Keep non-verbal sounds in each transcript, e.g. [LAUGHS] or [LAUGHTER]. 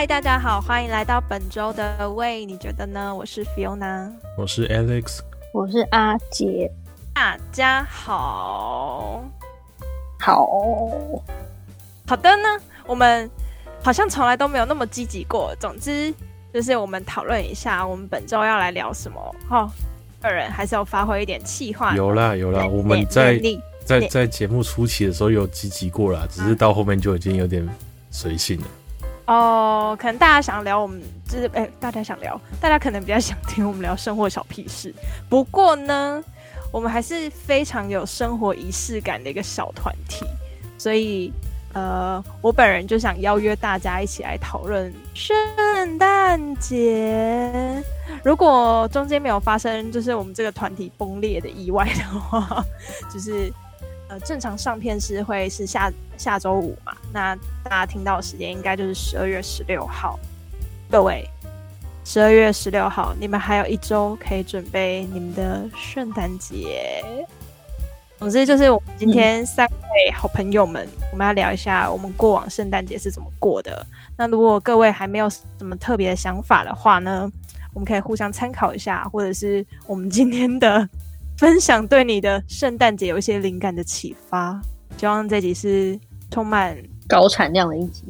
嗨，大家好，歡迎來到本周的 We。你覺得呢？我是 Fiona，我是 Alex，我是阿杰，大家好，好，好的呢，我們好像從來都沒有那麼積極過。總之，就是我們討論一下，我們本周要來聊什麼。哈、哦，個人還是要發揮一點氣話，有啦有啦，我們在在在節目初期的時候有積極過啦，嗯、只是到後面就已經有點隨性了。哦，oh, 可能大家想聊我們就是，哎、欸，大家想聊，大家可能比較想聽我們聊生活小屁事。不過呢，我們還是非常有生活儀式感的一個小團體，所以呃，我本人就想邀約大家一起來討論聖誕節。如果中間沒有發生就是我們這個團體崩裂的意外的話，就是。呃，正常上片是會是下下週五嘛？那大家聽到的時間應該就是十二月十六號。各位，十二月十六號，你們還有一週可以準備你們的聖誕節。總之，就是我們今天三位好朋友們，嗯，我們要聊一下我們過往聖誕節是怎麼過的。那如果各位還沒有什麼特別的想法的話呢，我們可以互相參考一下，或者是我們今天的。分享對你的聖誕節有一些靈感的啟發，希望這集是充滿高產量的一集。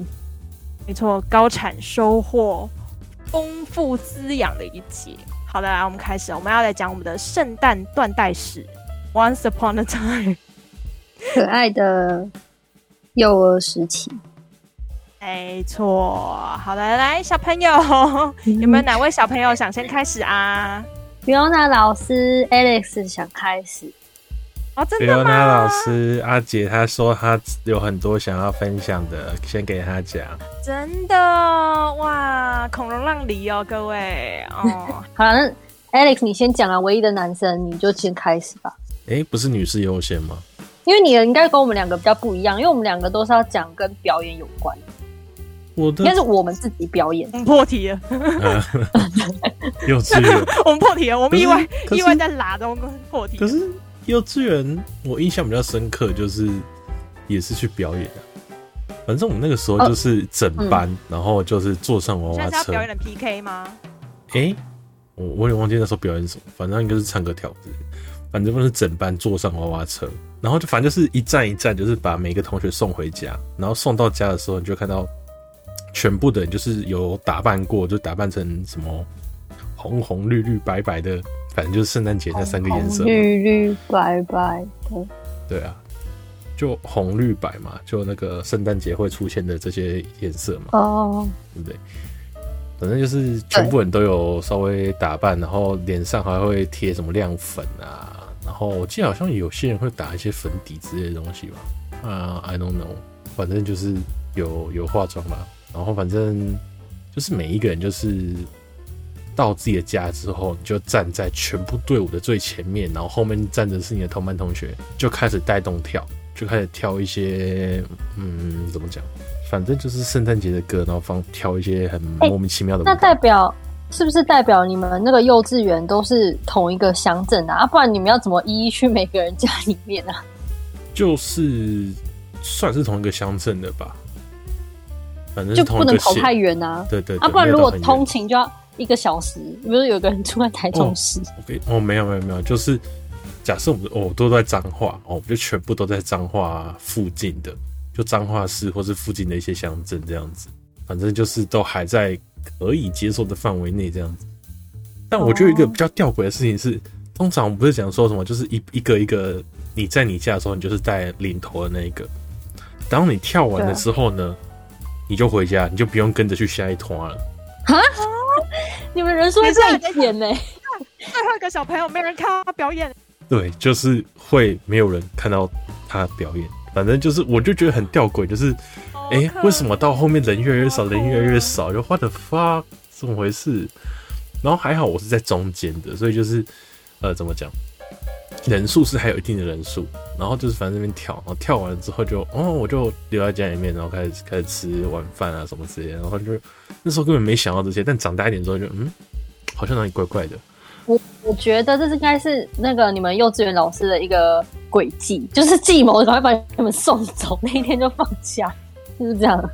沒錯，高產收穫、豐富滋養的一集。好的，來，我們開始，我們要來講我們的聖誕斷代史。Once upon a time，可愛的幼兒時期。沒錯。好的，來，來小朋友， [LAUGHS] 有沒有哪位小朋友想先開始啊？Fiona 老師，Alex 想開始啊？Oh, 真的嗎？娜 [MUSIC] 老師，阿姐她說她有很多想要分享的，先給她講。真的哇，孔融讓梨哦，各位哦。 [LAUGHS] 好，那 Alex 你先講了，唯一的男生你就先開始吧。哎、欸，不是女士優先嗎？因為你的應該跟我們兩個比較不一樣，因為我們兩個都是要講跟表演有關。我應該是我們自己表演，我們破題了。 [LAUGHS] [LAUGHS] 幼稚園圓， [LAUGHS] 我們破題了。我們意外意外在哪都破題。可是幼稚園，我印象比較深刻，就是也是去表演、啊、反正我們那個時候就是整班，哦、然後就是坐上娃娃車。是要表演的 PK 嗎？哎、欸，我我也忘記那時候表演什麼，反正應該是唱歌跳舞。反正不是整班坐上娃娃車，然後就反正就是一站一站，就是把每個同學送回家。然後送到家的時候，你就看到。全部的人就是有打扮過，就打扮成什麼紅紅綠綠白白的，反正就是聖誕節那三個顏色紅紅綠綠白白的。對啊，就紅綠白嘛，就那個聖誕節會出現的這些顏色嘛。哦。對不對？反正就是全部人都有稍微打扮，欸、然後臉上還會貼什麼亮粉啊，然後我記得好像有些人會打一些粉底之類的東西吧。啊，I don't know，反正就是有有化妝嘛。然後反正就是每一個人，就是到自己的家之後，你就站在全部隊伍的最前面，然後後面站着是你的同班同學，就開始帶動跳，就開始挑一些嗯，怎麼講？反正就是聖誕節的歌，然後放挑一些很莫名其妙的、欸。那代表是不是代表你們那個幼稚園都是同一個鄉鎮啊？啊不然你們要怎麼一一去每個人家裡面啊？就是算是同一個鄉鎮的吧。反正就，就不能跑太遠吶，啊，對對，對對，啊，不然如果通勤就要一個小時。比如，嗯、有個人住在台中市，哦，okay, 哦，沒有沒有沒有，就是假設我們哦我都在彰化，哦我就全部都在彰化附近的，就彰化市或是附近的一些鄉鎮這樣子，反正就是都還在可以接受的範圍內這樣子。但我覺得一個比較吊詭的事情是，哦，通常我們不是講說什麼，就是一一個一個你在你家的時候，你就是在領頭的那一個，當你跳完了之後呢？你就回家，你就不用跟着去下一團了。哈，你們人數一下你在演呢。 [LAUGHS] 最後一個小朋友沒人看他表演。對，就是會沒有人看到他的表演。反正就是，我就覺得很吊詭，就是，哎、欸，Okay. 為什麼到後面人越來越少，Okay. 人越來越少，就 What the fuck，怎麼回事？然後還好我是在中間的，所以就是，呃，怎麼講？人數是還有一定的人數，然後就是反正這邊跳，然後跳完了之後就，哦，我就留在家裡面，然後開始開始吃晚飯啊什麼之類的，然後就那時候根本沒想到這些，但長大一點之後就，嗯，好像哪裡怪怪的。我我覺得這是應該是那個你們幼稚園老師的一個詭計，就是計謀，然後把你們送走，那一天就放假，就是這樣。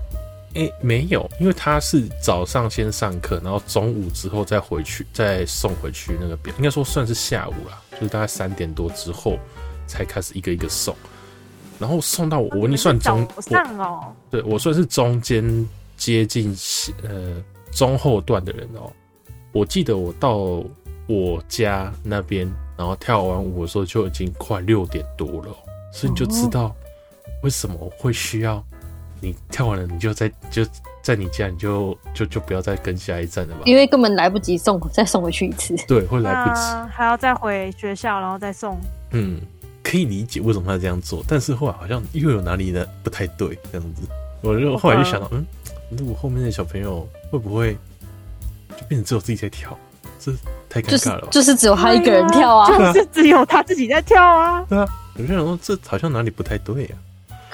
誒，沒有，因為他是早上先上課，然後中午之後再回去，再送回去那個表，應該說算是下午啦，就是大概三點多之後才開始一個一個送，然後送到我，我跟你算中，我算哦，哦，我對，我算是中間接近呃中後段的人哦。我記得我到我家那邊，然後跳完舞的時候就已經快六點多了哦，所以你就知道為什麼會需要。你跳完了，你就在就在你家，你就就就不要再跟下一站了吧？因為根本來不及送，再送回去一次。對，會來不及，還要再回學校，然後再送。嗯，可以理解為什麼他這樣做，但是後來好像又有哪裡的不太對，這樣子。我就我後來就想到，哦啊、嗯，如果後面的小朋友會不會就變成只有自己在跳？這太尷尬了吧，就是，就是只有他一個人跳啊，啊，就是只有他自己在跳啊。對啊，有些人說，這好像哪裡不太對啊。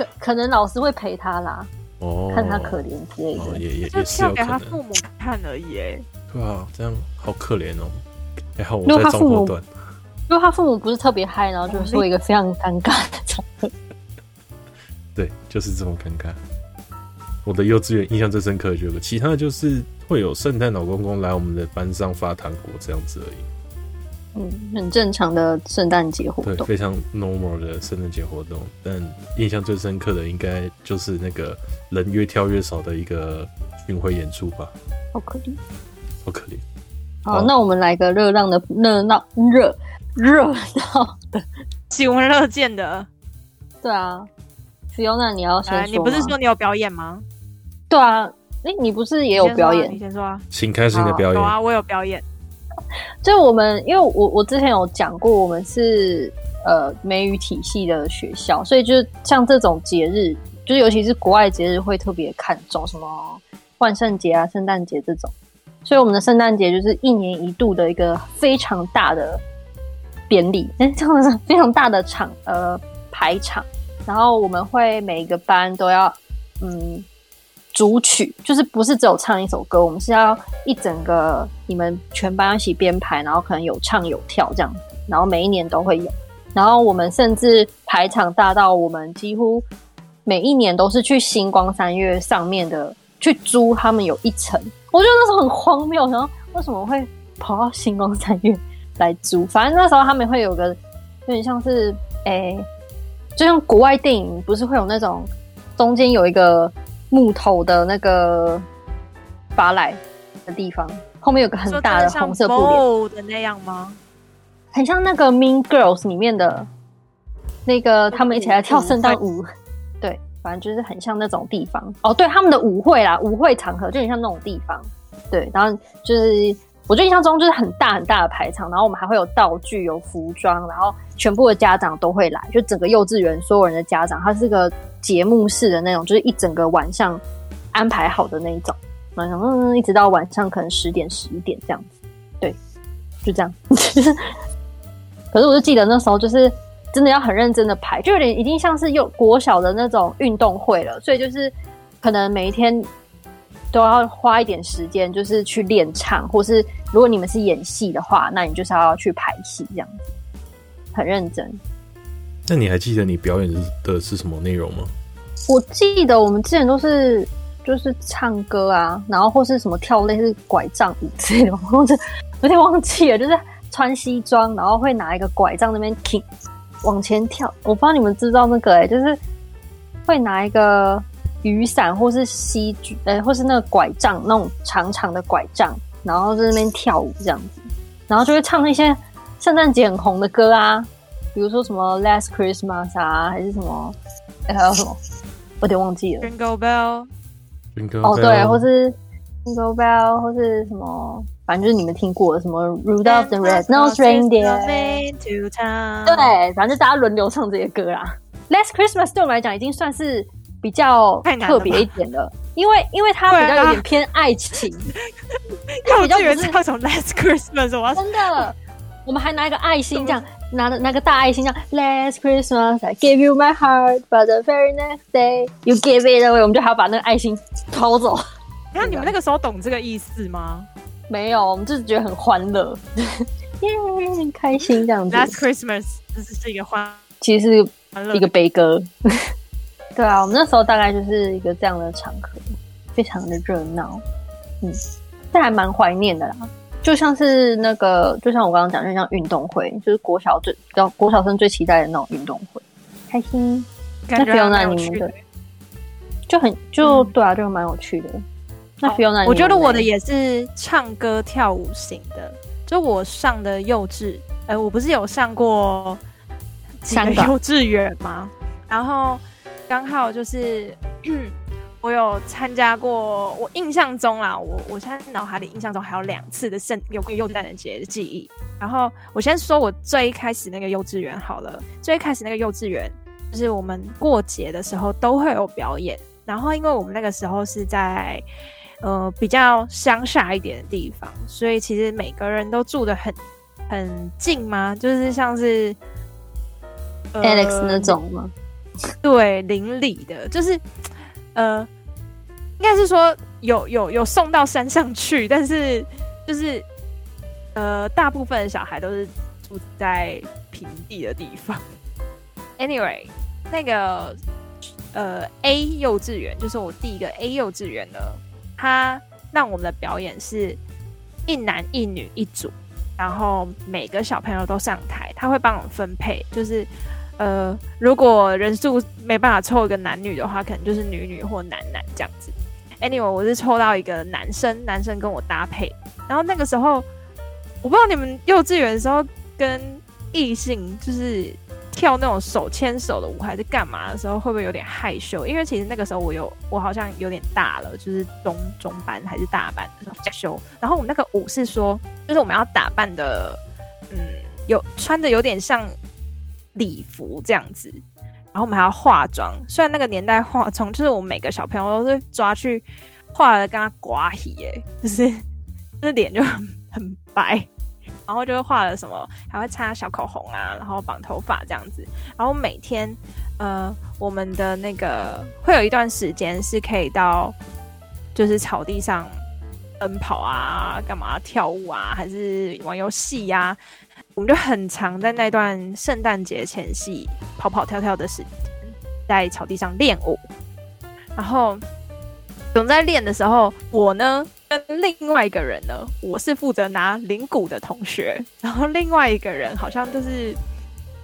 可，可能老師會陪他啦，oh, 看他可憐之類的，也、oh, yeah , yeah, 也是要給他父母看而已，哎，哇，這樣好可憐哦、喔。然、欸、後我在中後段，因為他父母不是特別嗨，然後就說一個非常尷尬的場合。 [LAUGHS] 對，就是這麼尷尬。我的幼稚園印象最深刻的就，其他的就是會有聖誕老公公來我們的班上發糖果這樣子而已。嗯，很正常的聖誕節活動，對，非常 normal 的聖誕節活動。但印象最深刻的，應該就是那個人越跳越少的一個巡迴演出吧。好可憐，好可憐。好，好那我們來個熱鬧的，熱鬧熱熱鬧的，喜聞樂見的。對啊，Fiona，那你要先說、欸，你不是說你有表演嗎？對啊，哎、欸，你不是也有表演？你先說啊，說啊請開始你的表演。好，好啊，我有表演。就我們，因為我我之前有講過，我們是呃美語體系的學校，所以就像這種節日，就尤其是國外節日會特別看重什麼萬聖節啊、聖誕節這種，所以我們的聖誕節就是一年一度的一個非常大的典禮，哎，真是非常大的場呃排場，然後我們會每一個班都要嗯。主曲就是不是只有唱一首歌，我們是要一整個你們全班一起編排，然後可能有唱有跳這樣子，然後每一年都會有。然後我們甚至排場大到我們幾乎每一年都是去新光三越上面的去租他們有一層，我覺得那時候很荒謬，然後為什麼會跑到新光三越來租？反正那時候他們會有個有點像是誒、欸，就像國外電影不是會有那種中間有一個。木頭的那個芭蕾的地方，後面有個很大的紅色布簾哦，的那樣嗎？很像那個《Mean Girls》裡面的那個他們一起來跳聖誕舞，嗯嗯嗯嗯、對，反正就是很像那種地方。哦，對，他們的舞會啦，舞會場合就很像那種地方。對，然後就是。我就印象中就是很大很大的排場，然後我們還會有道具、有服裝，然後全部的家長都會來，就整個幼稚園所有人的家長，它是個節目式的那種，就是一整個晚上安排好的那一種，然、嗯、一直到晚上可能十點、十一點這樣子，對，就這樣。 [LAUGHS] 可是我就記得那時候就是真的要很認真的排，就有點已經像是幼國小的那種運動會了，所以就是可能每一天。都要花一點時間，就是去練唱，或是如果你們是演戲的話，那你就是要去排戲，這樣子。很認真。那你還記得你表演的是什麼內容嗎？我記得我們之前都是就是唱歌啊，然後或是什麼跳類似拐杖舞之類的，我就有點忘記了，就是穿西裝，然後會拿一個拐杖在那邊往前跳。我不知道你們知道那個、欸，哎，就是會拿一個。雨傘，或是吸，呃、欸，或是那個拐杖，那種長長的拐杖，然後在那邊跳舞這樣子，然後就會唱那些聖誕節很紅的歌啊，比如說什麼《Last Christmas》啊，還是什麼，欸、還有什麼，我有點忘記了。Jingle Bell，Jingle 哦，對，或是 Jingle Bell，或是什麼，反正就是你們聽過的什麼《Rudolph the Red Nose Reindeer》。對，反正就大家輪流唱這些歌啦。《 [LAUGHS] Last Christmas》對我來講已經算是。比較特別一點的，因為因為他比較有點偏愛情，他比較得是叫什麼《Last Christmas》。真的，我們還拿一個愛心這樣，拿拿個大愛心這樣，《Last Christmas》，I gave you my heart, but the very next day you gave it away，我們就還要把那個愛心偷走。那你們那個時候懂這個意思嗎？沒有，我們就是覺得很歡樂，yeah，很開心這樣子，《Last Christmas》就是這個歡，其實是一個悲歌。對啊，我們那時候大概就是一個這樣的場合，非常的熱鬧，嗯，這還蠻懷念的啦。就像是那個，就像我剛剛講，就像運動會，就是國小最，然後國小生最期待的那種運動會，開心。感覺那 Fiona 裡面就很就、嗯、對啊，就蠻有趣的。那 Fiona，o n 我覺得我的也是唱歌跳舞型的，就我上的幼稚，哎、呃，我不是有上過幾個幼稚園嗎？港然後。剛好就是 [COUGHS] 我有參加過，我印象中啦。我我現在腦海裡印象中還有兩次的聖，有個幼兒節的記憶。然後我先說，我最一開始那個幼稚園好了，最一開始那個幼稚園就是我們過節的時候都會有表演。然後因為我們那個時候是在呃比較鄉下一點的地方，所以其實每個人都住得很很近嗎？就是像是、呃、Alex 那種嗎？對，鄰里的就是，呃，應該是說有有有送到山上去，但是就是，呃，大部分的小孩都是住在平地的地方。Anyway，那個呃 A 幼稚園就是我第一個 A 幼稚園呢，他讓我們的表演是一男一女一組，然後每個小朋友都上台，他會幫我們分配，就是。呃，如果人數沒辦法湊一個男女的話，可能就是女女或男男這樣子。Anyway，我是抽到一個男生，男生跟我搭配。然後那個時候，我不知道你們幼稚園的時候跟異性就是跳那種手牽手的舞還是幹嘛的時候，會不會有點害羞？因為其實那個時候我有我好像有點大了，就是中中班還是大班的時候害羞。然後我們那個舞是說，就是我們要打扮的，嗯，有穿的有點像。禮服這樣子，然後我們還要化妝。雖然那個年代化妝，從就是我們每個小朋友都是抓去畫了，跟他刮皮，就是那、就是、臉就很很白，然後就會畫了什麼，還會擦小口紅啊，然後綁頭髮這樣子。然後每天，呃，我們的那個會有一段時間是可以到，就是草地上奔跑啊，幹嘛跳舞啊，還是玩遊戲呀、啊。我們就很常在那段聖誕節前夕跑跑跳跳的時間，在草地上練舞，然後總在練的時候，我呢跟另外一個人呢，我是負責拿鈴鼓的同學，然後另外一個人好像就是。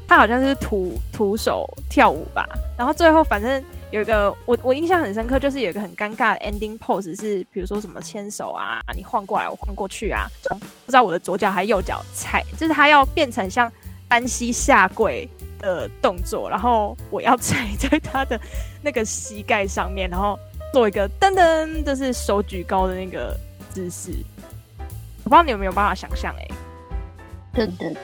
他好像是徒徒手跳舞吧，然後最後反正有一個我我印象很深刻，就是有一個很尷尬的 ending pose，是比如說什麼牽手啊，你晃過來我晃過去啊，不知道我的左腳還右腳踩，就是他要變成像單膝下跪的動作，然後我要踩在他的那個膝蓋上面，然後做一個噔噔，就是手舉高的那個姿勢，我不知道你有沒有辦法想象哎、欸，噔噔，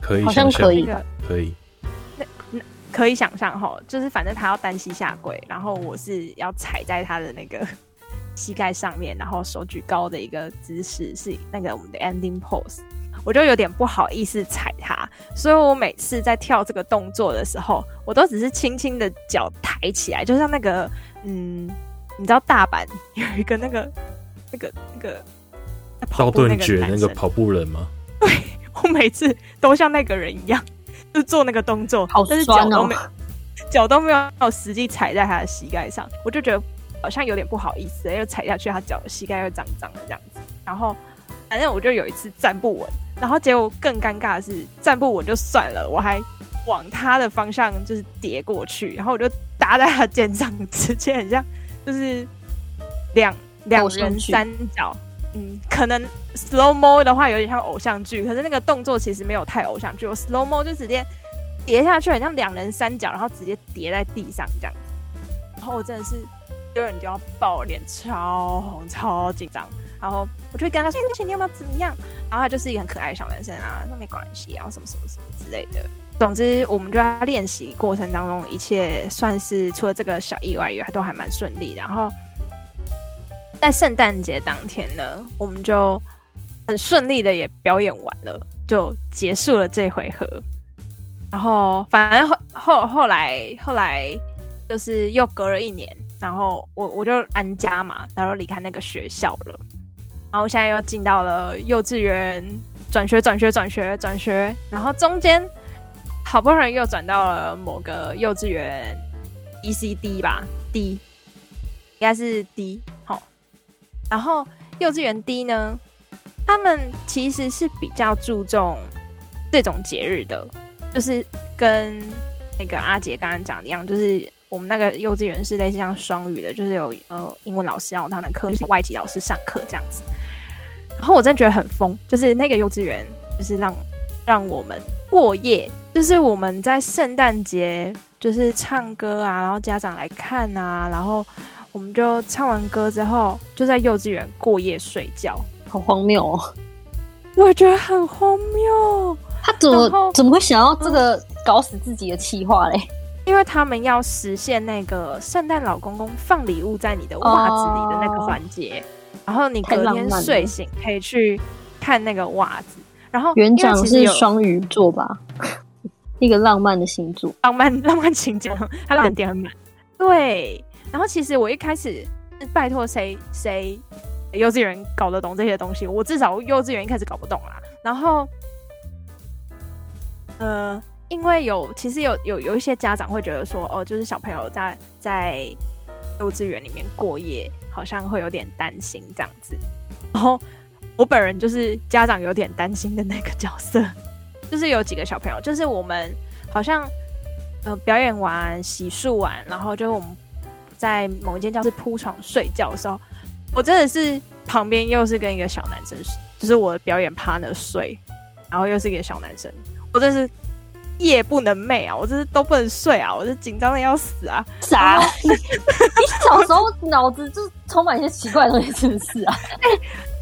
可以，好像可以。可以對，那那可以想象哈、哦，就是反正他要單膝下跪，然後我是要踩在他的那個膝蓋上面，然後手舉高的一個姿勢是那個我們的 ending pose，我就有點不好意思踩他，所以我每次在跳這個動作的時候，我都只是輕輕的腳抬起來，就像那個嗯，你知道大阪有一個那個那個那個那跑步那個，道頓堀那個跑步人嗎？對， [LAUGHS] 我每次都像那個人一樣。就做那個動作，好哦，但是腳都沒，腳都沒有實際踩在他的膝蓋上，我就覺得好像有點不好意思，因為踩下去，他腳的膝蓋又髒髒的這樣子。然後，反正我就有一次站不穩，然後結果更尷尬的是站不穩就算了，我還往他的方向就是跌過去，然後我就搭在他肩上，直接很像就是兩兩人三腳。嗯，可能 slow mo 的話有點像偶像劇，可是那個動作其實沒有太偶像劇。我 slow mo 就直接跌下去，好像兩人三腳，然後直接跌在地上這樣。然後我真的是丟人丟到爆，臉超紅、超緊張。然後我就跟他說：“對不起，你要不要怎麼樣？”然後他就是一個很可愛的小男生啊，說沒關係啊，什麼什麼什麼之類的。總之，我們就在練習過程當中，一切算是除了這個小意外也，以外都還蠻順利的。然後。在聖誕節當天呢，我們就很順利的也表演完了，就結束了這回合。然後反正後後後來後來就是又隔了一年，然後我我就安家嘛，然後離開那個學校了。然後現在又進到了幼稚園，轉學轉學轉學轉學，然後中間好不容易又轉到了某個幼稚園 ECD 吧，D 應該是 D 齁。然後幼稚園 D 呢，他們其實是比較注重這種節日的，就是跟那個阿杰剛剛講的一樣，就是我們那個幼稚園是類似像雙語的，就是有呃英文老師然後他們的課，就是外籍老師上課這樣子。然後我真的覺得很瘋，就是那個幼稚園就是讓讓我們過夜，就是我們在聖誕節就是唱歌啊，然後家長來看啊，然後。我們就唱完歌之後，就在幼稚園過夜睡覺，好荒謬哦！我覺得很荒謬，他怎麼後怎麼會想要這個搞死自己的企劃嘞？因為他們要實現那個聖誕老公公放禮物在你的襪子裡的那個環節，oh, 然後你隔天睡醒可以去看那個襪子。然後園長是雙魚座吧， [LAUGHS] 一個浪漫的星座，浪漫浪漫情節，oh, 他浪漫點滿，是對。然後其實我一開始，是拜托誰誰幼稚園搞得懂這些東西？我至少幼稚園一開始搞不懂啦，然後，呃，因為有其實有有有一些家長會覺得說，哦，就是小朋友在在幼稚園裡面過夜，好像會有點擔心這樣子。然後我本人就是家長有點擔心的那個角色，就是有幾個小朋友，就是我們好像呃表演完，洗漱完，然後就我們。在某一間教室鋪床睡覺的時候，我真的是旁邊又是跟一個小男生，就是我的表演 partner 睡，然後又是一個小男生，我真是夜不能寐啊！我真是都不能睡啊！我是緊張的要死啊！啥 [LAUGHS] 你？你小時候腦子就充滿一些奇怪的東西，是不是啊？哎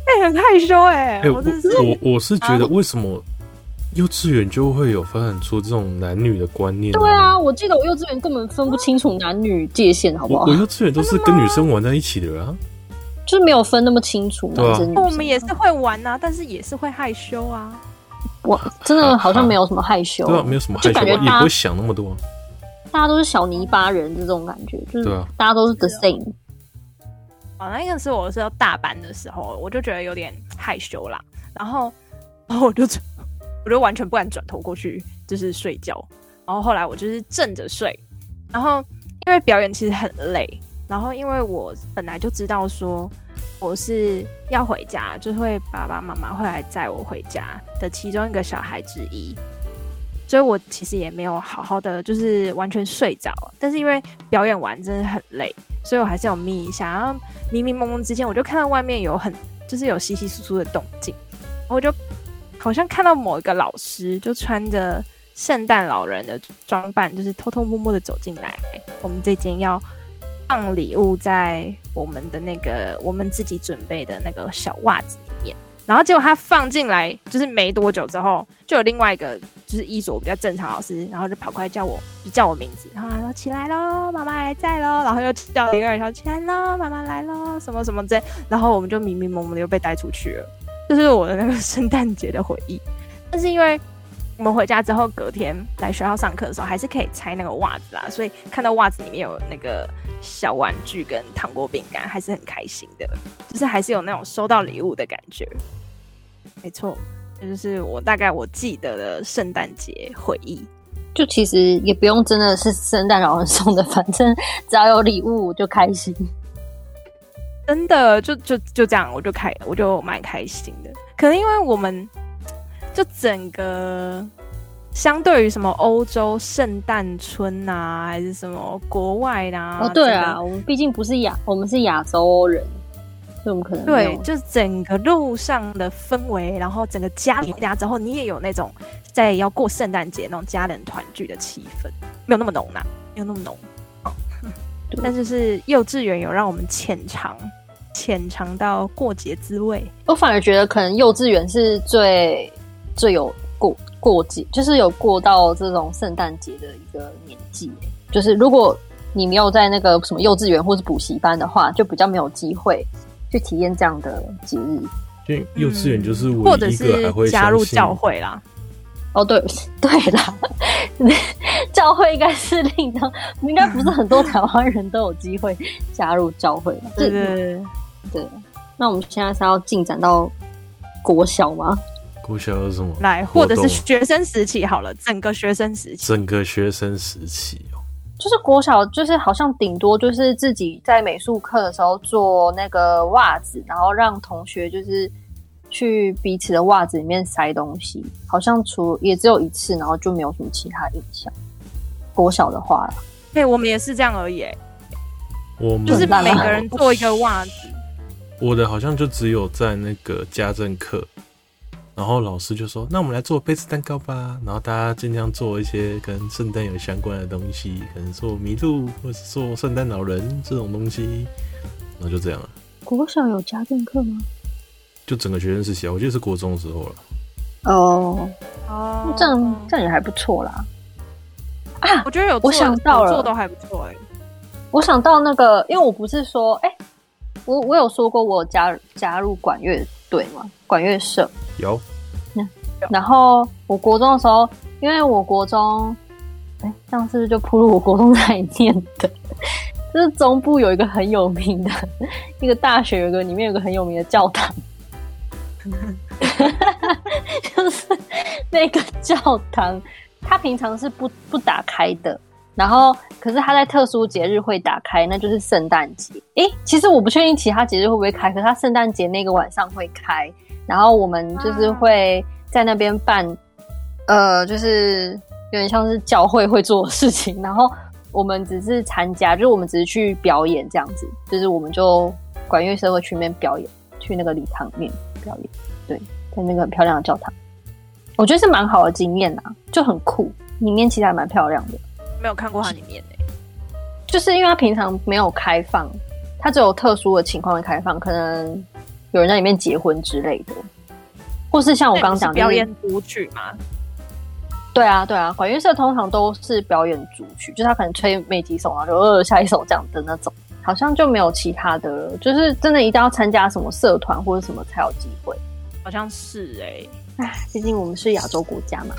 哎、欸欸，很害羞哎、欸！欸、我真我我是，我，我是覺得為什麼？啊幼稚園就會有發展出這種男女的觀念、啊。對啊，我記得我幼稚園根本分不清楚男女界限，好不好？我，我幼稚園都是跟女生玩在一起的啊，真的就是沒有分那麼清楚男生女生。嘛、啊。我們也是會玩啊，但是也是會害羞啊。我真的好像沒有什麼害羞，啊啊對啊，沒有什麼害羞，也不會想那麼多、啊。大家都是小泥巴人這種感覺，就是大家都是 the same。啊，啊啊 [NOISE] 那個時候我是要大班的時候，我就覺得有點害羞啦，然後，然後我就。我就完全不敢轉頭過去，就是睡覺。然後後來我就是正着睡，然後因為表演其實很累，然後因為我本來就知道說我是要回家，就是、會爸爸媽媽會來載我回家的其中一個小孩之一，所以我其實也沒有好好的就是完全睡着。但是因為表演完真的很累，所以我還是要眯一下。然後迷迷濛濛之間，我就看到外面有很就是有稀稀疏疏的動靜，然後我就。好像看到某一個老師就穿着聖誕老人的裝扮，就是偷偷摸摸的走進來，我們這間要放禮物在我們的那個我們自己準備的那個小襪子裡面，然後結果他放進來，就是沒多久之後，就有另外一個就是衣着比較正常老師，然後就跑過來叫我，就叫我名字，然後他說起來嘍，媽媽還在嘍，然後又叫一個小孩起來嘍，媽媽來咯，什麼什麼之類，然後我們就迷迷濛濛濛的又被帶出去了。就是我的那個聖誕節的回憶，但是因為我們回家之後隔天來學校上課的時候，還是可以拆那個襪子啦，所以看到襪子裡面有那個小玩具跟糖果餅乾，還是很開心的，就是還是有那種收到禮物的感覺。沒錯，這就是我大概我記得的聖誕節回憶，就其實也不用真的是聖誕老人送的，反正只要有禮物就開心。真的，就就就這樣，我就開，我就蠻開心的。可能因為我們，就整個相對於什麼歐洲聖誕村吶、啊，還是什麼國外吶、啊？哦，對啊，個我們畢竟不是亞，我們是亞洲人，怎麼可能？對，就是整個路上的氛圍，然後整個家裡回家之後，你也有那種在要過聖誕節那種家人團聚的氣氛，沒有那麼濃呢、啊，沒有那麼濃。但是是幼稚園有讓我們淺嘗，淺嘗到過節滋味。我反而覺得，可能幼稚園是最最有過過節，就是有過到這種聖誕節的一個年紀。就是如果你沒有在那個什麼幼稚園或是補習班的話，就比較沒有機會去體驗這樣的節日。因為幼稚園就是我一個還會、嗯、或者是加入教會啦。哦，oh, 對，對啦， [LAUGHS] 教會應該是令到 [LAUGHS] 應該不是很多台灣人都有機會加入教會。對是，對，對，對，對。那我們現在是要進展到國小嗎？國小是什麼？來，動或者是學生時期好了，整個學生時期，整個學生時期哦，就是國小，就是好像頂多就是自己在美術課的時候做那個襪子，然後讓同學就是。去彼此的襪子裡面塞東西，好像除也只有一次，然後就沒有什麼其他印象。國小的話，對，我們也是這樣而已、欸。我們就是每個人做一個襪子。 [LAUGHS] 我的好像就只有在那個家政課，然後老師就說：“那我們來做杯子蛋糕吧。”然後大家盡量做一些跟聖誕有相關的東西，可能做麋鹿，或是做聖誕老人這種東西。那就這樣了。國小有家政課嗎？就整個學生時期啊，我覺得是國中的時候了。哦哦，這樣這樣也還不錯啦。啊，我覺得有我想到了，做都還不錯哎、欸。我想到那個，因為我不是說哎、欸，我我有說過我加入加入管樂隊嘛？管樂社有、嗯。然後我國中的時候，因為我國中哎，上、欸、次就鋪路，我國中才念的？ [LAUGHS] 就是中部有一個很有名的一個大學有一個，有個裡面有一個很有名的教堂。 [LAUGHS] 就是那個教堂，它平常是不不打開的。然後，可是它在特殊節日會打開，那就是聖誕節。誒、欸，其實我不確定其他節日會不會開，可是它聖誕節那個晚上會開。然後，我們就是會在那邊辦，啊、呃，就是有點像是教會會做的事情。然後，我們只是參加，就是我們只是去表演這樣子，就是我們就管樂社會去裡面表演，去那個禮堂裡面。表演對，在那個很漂亮的教堂，我覺得是蠻好的經驗啊，就很酷。裡面其實還蠻漂亮的，沒有看過它裡面、欸、就是因為它平常沒有開放，它只有特殊的情況會開放，可能有人在裡面結婚之類的，或是像我剛剛講的是表演舞曲嘛。對啊，對啊，管樂社通常都是表演主曲，就是、他可能吹每幾首啊，然後就二、呃、下一首這樣的那種。好像就沒有其他的了，就是真的一定要參加什麼社團或者什麼才有機會，好像是誒、欸，哎，畢竟我們是亞洲國家嘛。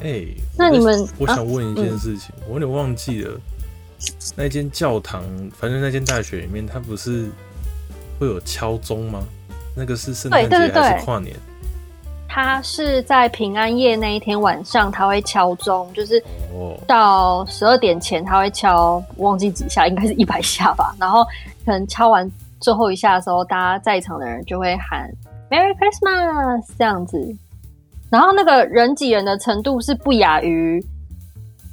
哎、 [LAUGHS] [LAUGHS] 欸，那你們，我想問一件事情，啊嗯、我有點忘記了，那間教堂，反正那間大學裡面，它不是會有敲鐘嗎？那個是聖誕節還是跨年？他是在平安夜那一天晚上，他會敲鐘，就是到十二點前他會敲，忘記幾下，應該是一百下吧。然後可能敲完最後一下的時候，大家在場的人就會喊 “Merry Christmas” 這樣子。然後那個人擠人的程度是不亞於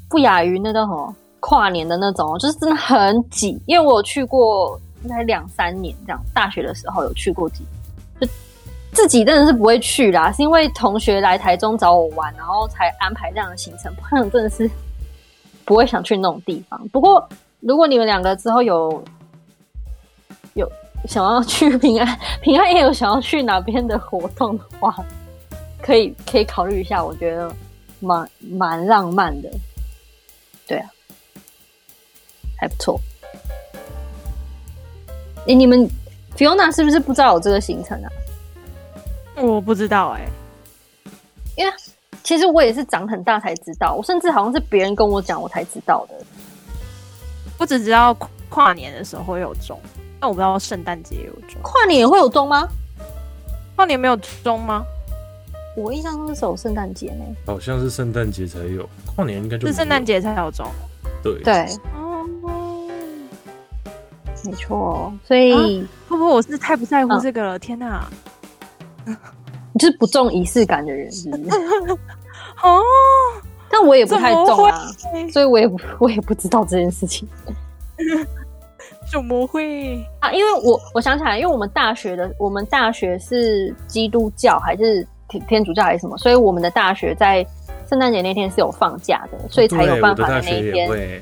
不亞於那個什麼跨年的那種，就是真的很擠。因為我有去過應該兩三年這樣，大學的時候有去過幾年。自己真的是不會去啦，是因為同學來台中找我玩，然後才安排這樣的行程。不然真的是不會想去那種地方。不過，如果你們兩個之後有有想要去平安，平安夜有想要去哪邊的活動的話，可以可以考慮一下。我覺得蠻蠻浪漫的，對啊，還不錯。誒、欸、你們 Fiona 是不是不知道有這個行程啊？我不知道哎、欸，因為、yeah, 其實我也是長很大才知道，我甚至好像是別人跟我講，我才知道的。我只知道跨年的時候會有中，那我不知道聖誕節有中。跨年也會有中嗎？跨年沒有中嗎？我印象中是有聖誕節呢，好像是聖誕節才有。跨年應該就有是聖誕節才有中。對對，對嗯、沒錯。所以、啊，會不會我是太不在乎這個了？嗯、天哪、啊！你就是不重儀式感的人，是不是？ [LAUGHS] 哦，但我也不太重啊，所以我也我也不知道這件事情。 [LAUGHS] 怎麼會啊？因為我我想起來，因為我們大學的我們大學是基督教還是天主教還是什麼，所以我們的大學在聖誕節那天是有放假的，對所以才有辦法在那一天。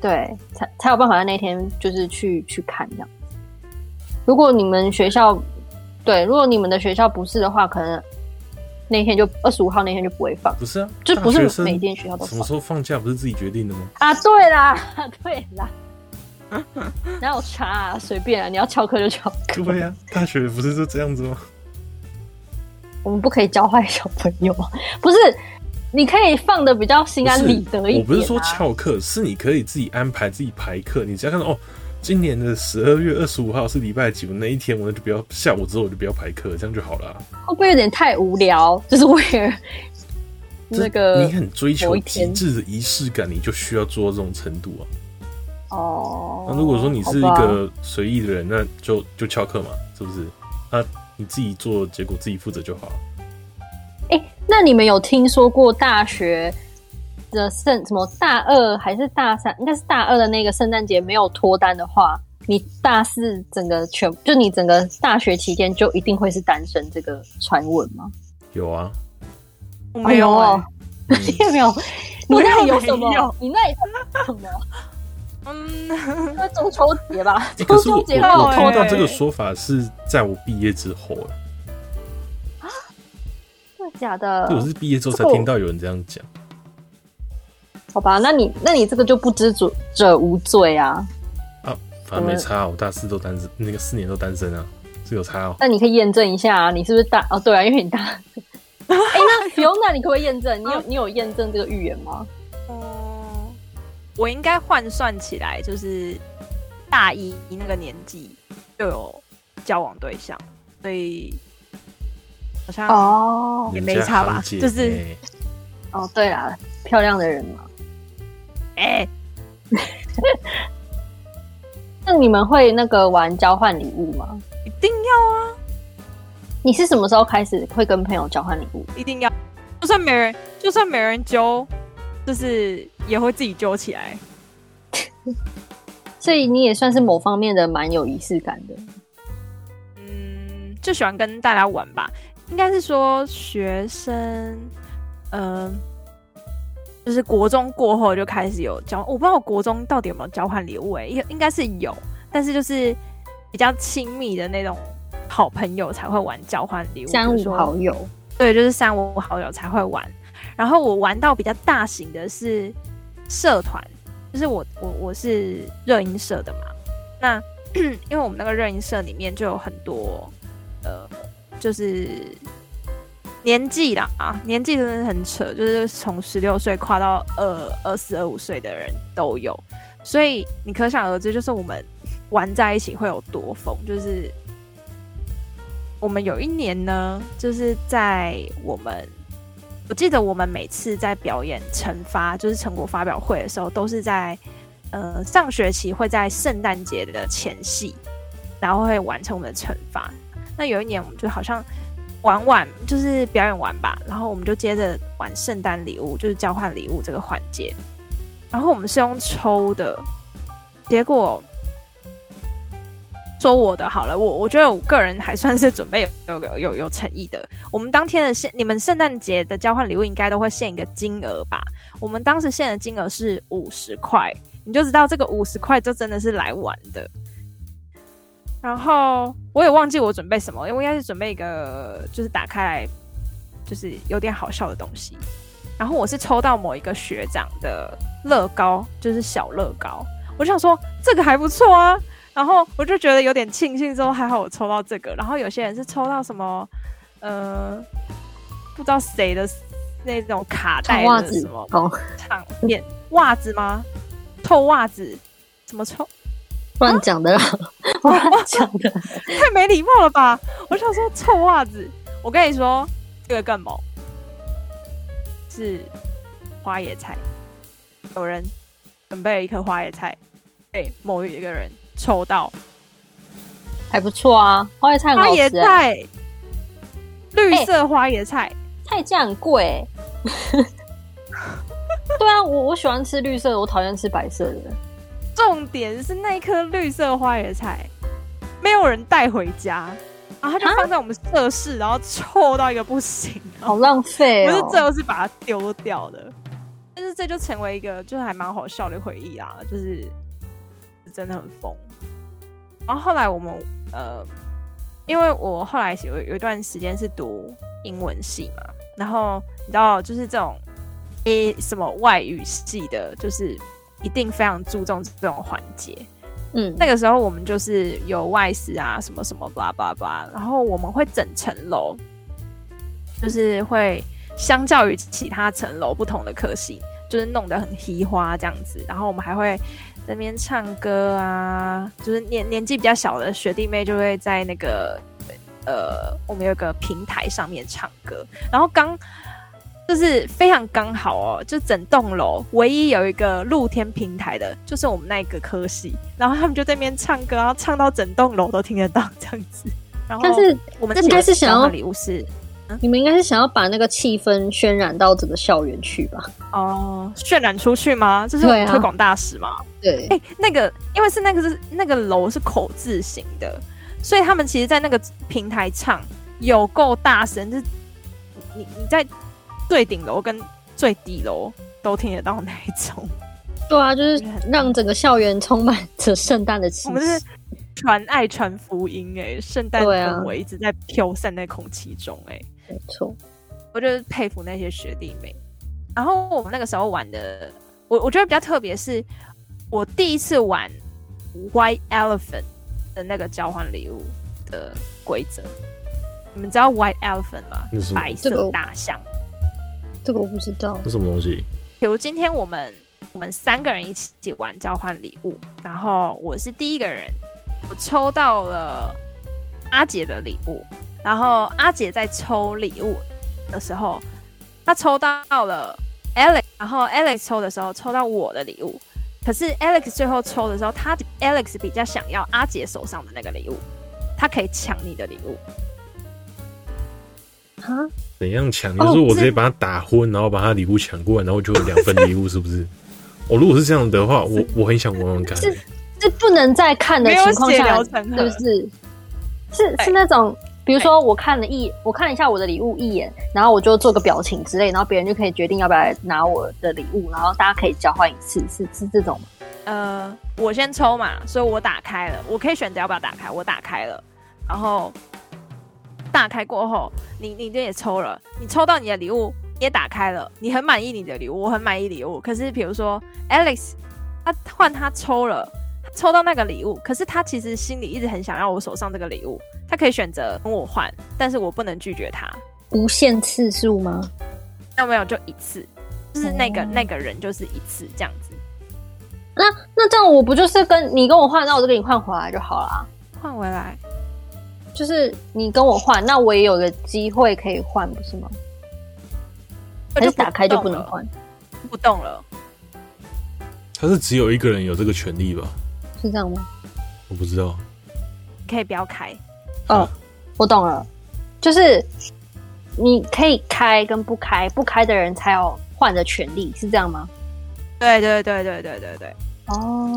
對，才才有辦法在那天就是去去看這樣子。如果你們學校。對，如果你們的學校不是的話，可能那天就二十五號，那天就不會放。不是啊，就不是每間學校都放。什麼時候放假不是自己決定的嗎？啊，對啦，對啦， [LAUGHS] 哪有差啊，隨便啊，你要翹課就翹課。對呀、啊，大學不是就這樣子嗎？ [LAUGHS] 我們不可以教壞小朋友。不是，你可以放得比較心安理得一點、啊。我不是說翹課，是你可以自己安排自己排課，你只要看到哦。今年的十二月二十五號是禮拜幾？那一天我就不要，下午之後我就不要排課，這樣就好了、啊。會不會有點太無聊？就是為了就那個你很追求極致的儀式感，你就需要做到這種程度啊。哦。那、啊、如果說你是一個隨意的人，棒那就就翹課嘛，是不是？啊，你自己做，結果自己負責就好了、欸。那你們有聽說過大學？的聖什麼，大二還是大三？應該是大二的那個聖誕節沒有脫單的話，你大四整個全就你整個大學期間就一定會是單身這個傳聞嗎？有啊，沒有，也沒有，你那裡有什麼？你那裡有什麼？嗯，那中秋節吧。可是我我聽到這個說法是在我畢業之後哎，啊，真的假的？我是畢業之後才聽到有人這樣講。好吧，那你那你這個就不知足者無罪啊！啊，反正沒差哦，我大四都單身，那個四年都單身啊，是有差哦。那你可以驗證一下，啊，你是不是大哦？對啊，因為你大。哎、 [LAUGHS] 欸，那比如，那你可不可以驗證？你有、啊、你有驗證這個預言嗎？哦、嗯。我應該換算起來就是大一你那個年紀就有交往對象，所以好像哦也沒差吧？哦、就是哦，對啦，漂亮的人嘛。哎，欸、 [LAUGHS] 那你們會那個玩交換禮物嗎？一定要啊！你是什麼時候開始會跟朋友交換禮物？一定要，就算沒人，就算沒人揪，就是也會自己揪起來。 [LAUGHS] 所以你也算是某方面的蠻有儀式感的。嗯，就喜歡跟大家玩吧。應該是說學生，嗯、呃。就是國中過後就開始有交，我不知道我國中到底有沒有交換禮物誒、欸，應應該是有，但是就是比較親密的那種好朋友才會玩交換禮物，三五好友，對，就是三五好友才會玩。然後我玩到比較大型的是社團，就是我我我是熱音社的嘛，那因為我們那個熱音社裡面就有很多呃，就是。年紀啦啊，年紀真的很扯，就是從十六歲跨到二、二十、二十五歲的人都有，所以你可想而知，就是我們玩在一起會有多瘋。就是我們有一年呢，就是在我們，我記得我們每次在表演懲罰，就是成果發表會的時候，都是在呃上學期會在聖誕節的前夕，然後會完成我們的懲罰。那有一年，我們就好像。玩完就是表演完吧，然後我們就接着玩聖誕禮物，就是交換禮物這個環節。然後我們是用抽的，結果說我的好了，我我覺得我個人還算是準備有有有有誠意的。我們當天的限，你們聖誕節的交換禮物應該都會限一個金額吧？我們當時限的金額是五十塊，你就知道這個五十塊就真的是來玩的。然後我也忘記我準備什麼，因為我應該是準備一個，就是打開來，就是有點好笑的東西。然後我是抽到某一個學長的樂高，就是小樂高，我就想說這個還不錯啊。然後我就覺得有點慶幸，之後還好我抽到這個。然後有些人是抽到什麼，呃，不知道誰的那種卡帶的什麼唱片襪子，襪子嗎？臭襪子，怎麼抽？亂講、啊、的，亂講的， [LAUGHS] 太沒禮貌了吧！ [LAUGHS] 我想說，臭襪子。 [LAUGHS] 我跟你說，這個幹毛是花椰菜。有人準備了一顆花椰菜，被某一個人抽到，還不錯啊。花椰菜，欸啊、花椰菜，欸、綠色花椰菜，欸、菜價很貴、欸。 [LAUGHS] [LAUGHS] 對啊，我我喜歡吃綠色的，我討厭吃白色的。重點是那顆綠色花椰菜，沒有人帶回家，然後他就放在我們臥室，蛤然後臭到一個不行，好浪費哦！我 [LAUGHS] 是最後是把它丟掉的，但是這就成為一個就是還蠻好笑的回憶啊，就是真的很瘋。然後後來我們呃，因為我後來有有一段時間是讀英文系嘛，然後你知道就是這種 A 什麼外語系的，就是。一定非常注重這種環節，嗯，那個時候我們就是有外事啊，什麼什麼巴拉巴拉巴拉，然後我們會整層樓，就是會相較於其他層樓不同的科系，就是弄得很稀花這樣子，然後我們還會在那邊唱歌啊，就是年年紀比較小的學弟妹就會在那個呃，我們有個平台上面唱歌，然後剛。就是非常剛好哦，就整棟樓唯一有一個露天平台的，就是我們那一個科系，然後他們就在那邊唱歌，然後唱到整棟樓都聽得到這樣子。是然後，但是我們應該是想要禮物是，嗯、你們應該是想要把那個氣氛渲染到整個校園去吧？哦、呃，渲染出去嗎？就是推廣大使嗎？對，啊、對，哎、欸，那個因為是那個是那個樓是口字形的，所以他們其實，在那個平台唱有夠大聲，就是你你在。最頂樓跟最底樓都聽得到那一種，對啊，就是讓整個校園充滿着聖誕的氣，我們是傳愛傳福音哎、欸，聖誕氛圍一直在飄散在空氣中哎、欸，沒錯錯，我就是佩服那些學弟妹。然後我們那個時候玩的，我我覺得比較特別，是我第一次玩 White Elephant 的那個交換禮物的規則。你們知道 White Elephant 嗎？是不是白色大象？這個我不知道，這什麼東西？比如今天我們我們三個人一起玩交換禮物，然後我是第一個人，我抽到了阿杰的禮物，然後阿杰在抽禮物的時候，他抽到了 Alex，然後 Alex 抽的時候抽到我的禮物，可是 Alex 最後抽的時候，他 Alex 比較想要阿杰手上的那個禮物，他可以搶你的禮物。怎樣搶？就是說我直接把他打昏，哦、然後把他禮物搶過來，然後就有兩份禮物，是不是？ [LAUGHS] 哦，如果是這樣的話，是我我很想玩玩看，欸，是。是不能再看的情況下，是不是？是是那種，比如說我看了一，欸，我看一下我的禮物一眼，然後我就做個表情之類，然後別人就可以決定要不要來拿我的禮物，然後大家可以交換一次，是是這種嗎？呃，我先抽嘛，所以我打開了，我可以選擇要不要打開，我打開了，然後。打開過後，你你這也抽了，你抽到你的禮物你也打開了，你很滿意你的禮物，我很滿意禮物。可是比如說 Alex，他換他抽了，抽到那個禮物，可是他其實心裡一直很想要我手上這個禮物，他可以選擇跟我換，但是我不能拒絕他。無限次數嗎？那沒有，就一次，就是那個、哦、那個人就是一次這樣子。那那這樣我不就是跟你跟我換，那我就給你換回來就好了，換回來。就是你跟我換，那我也有個機會可以換，不是嗎？就是打開就不能換，不動了。他是只有一個人有這個權利吧？是這樣嗎？我不知道。你可以不要開？哦、呃，我懂了。就是你可以開跟不開，不開的人才有換的權利，是這樣嗎？對，對對對對對對對。哦，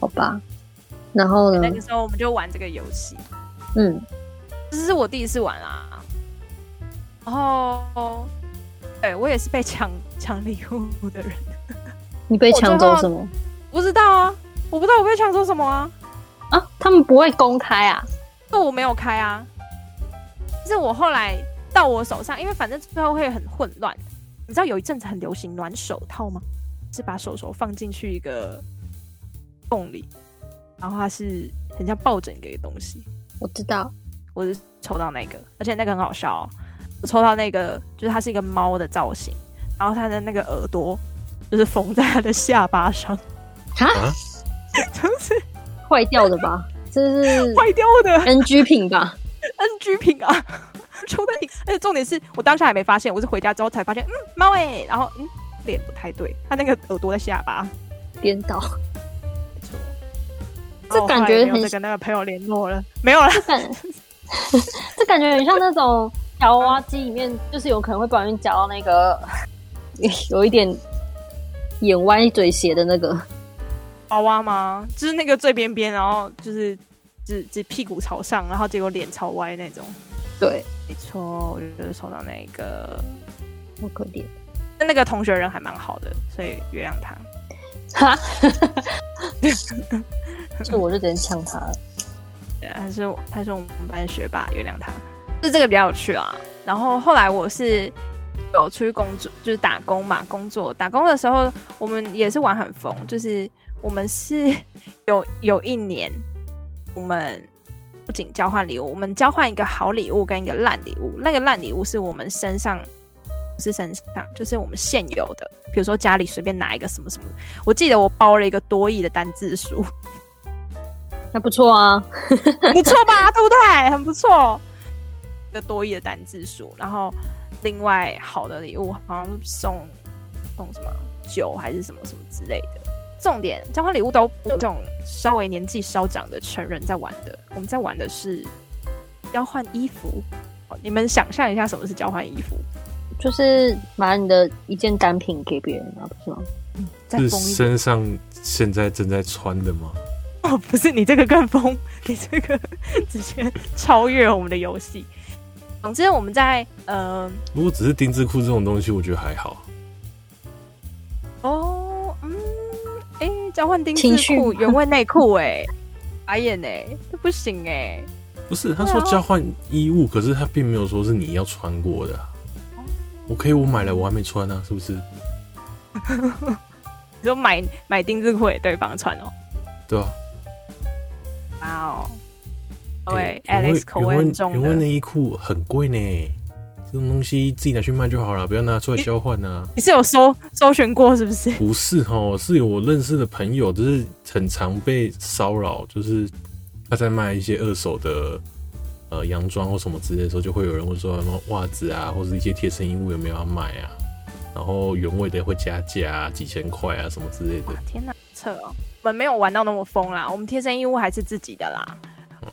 好吧。然後呢？那個時候我們就玩這個遊戲。嗯，這是我第一次玩啦、啊。然後，對，我也是被搶搶禮物的人。你被搶走什麼？我不知道啊，我不知道我被搶走什麼啊。啊，他們不會公開啊？那我沒有開啊。是我後來到我手上，因為反正最後會很混亂。你知道有一陣子很流行暖手套嗎？是把手手放進去一個洞裡。然後它是很像抱枕的一個東西，我知道，我是抽到那個，而且那個很好笑，哦，我抽到那個就是它是一個貓的造型，然後它的那個耳朵，就是縫在它的下巴上，啊蛤，這是壞掉的吧？這是壞掉的 NG 品吧？NG 品啊，抽到你，而且重點是我當下還沒發現，我是回家之後才發現，嗯，貓哎，欸，然後嗯，臉不太對，它那個耳朵在下巴顛倒。這感覺很跟、哦這個、那個朋友聯絡了，沒有了。這感， [LAUGHS] 這感覺很像那種娃娃機裡面， [LAUGHS] 就是有可能會不小心夾到那個， [LAUGHS] 有一點眼歪嘴斜的那個娃娃嗎？就是那個最邊邊，然後就是只只屁股朝上，然後結果臉朝歪那種。對，沒錯，我就覺得抽到那個好可憐。那個同學人還蠻好的，所以原諒他。哈哈哈。 [LAUGHS] [LAUGHS] 這我是真嗆他， [LAUGHS] 對，還是他是我們班學霸，原諒他。是這個比較有趣啊。然後後來我是有出去工作，就是打工嘛。工作打工的時候，我們也是玩很瘋。就是我們是有有一年，我們不僅交換禮物，我們交換一個好禮物跟一個爛禮物。那個爛禮物是我們身上，不是身上，就是我們現有的，比如說家裡隨便拿一個什麼什麼。我記得我包了一個多益的單字書。那不錯啊，不錯吧？ [LAUGHS] 對不對？很不錯，一個多益的單字數。然後，另外好的禮物好像送送什麼酒還是什麼什麼之類的。重點交換禮物都這種稍微年紀稍長的成人在玩的，對我們在玩的是交換衣服、哦。你們想象一下什麼是交換衣服？就是把你的一件單品給別人啊，不是嗎？嗯、是身上現在正在穿的嗎？哦，不是，你這個更瘋，你這個直接超越我們的遊戲。總之我們在呃，如果只是丁字褲這種東西，我覺得還好。哦，嗯，哎、欸，交換丁字褲、情原味內褲，哎、欸，白眼，哎，這不行，欸，哎，不是，他說交換衣物，啊、可是他並沒有說是你要穿過的。我可以，OK, 我買了我還沒穿呢，啊，是不是？ [LAUGHS] 你就買買丁字褲給對方穿哦、喔。對啊。哦，對，原味原味內衣褲很貴呢，的這種東西自己拿去賣就好了，不要拿出來交換呢。你是有搜搜尋過是不是？不是哦，是有我認識的朋友，就是很常被騷擾，就是他在賣一些二手的呃洋裝或什麼之類的時候，就會有人會說什麼襪子啊，或者一些貼身衣物有沒有要買啊？然後原味的會加價啊，幾千塊啊什麼之類的。天哪，扯哦！我們沒有玩到那麼瘋啦，我們貼身衣物還是自己的啦。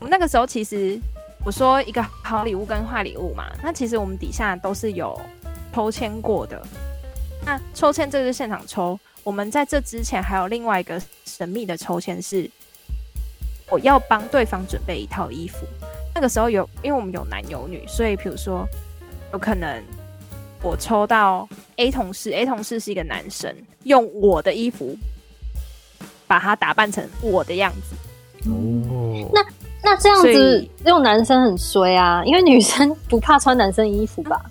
我們那個時候其實我說一個好禮物跟壞禮物嘛，那其實我們底下都是有抽籤過的。那抽籤這是現場抽，我們在這之前還有另外一個神秘的抽籤是，我要幫對方準備一套衣服。那個時候有，因為我們有男有女，所以比如說有可能我抽到 A 同事，A 同事是一個男生，用我的衣服。把他打扮成我的樣子。哦、嗯，那那這樣子，以這種男生很衰啊，因為女生不怕穿男生衣服吧？啊、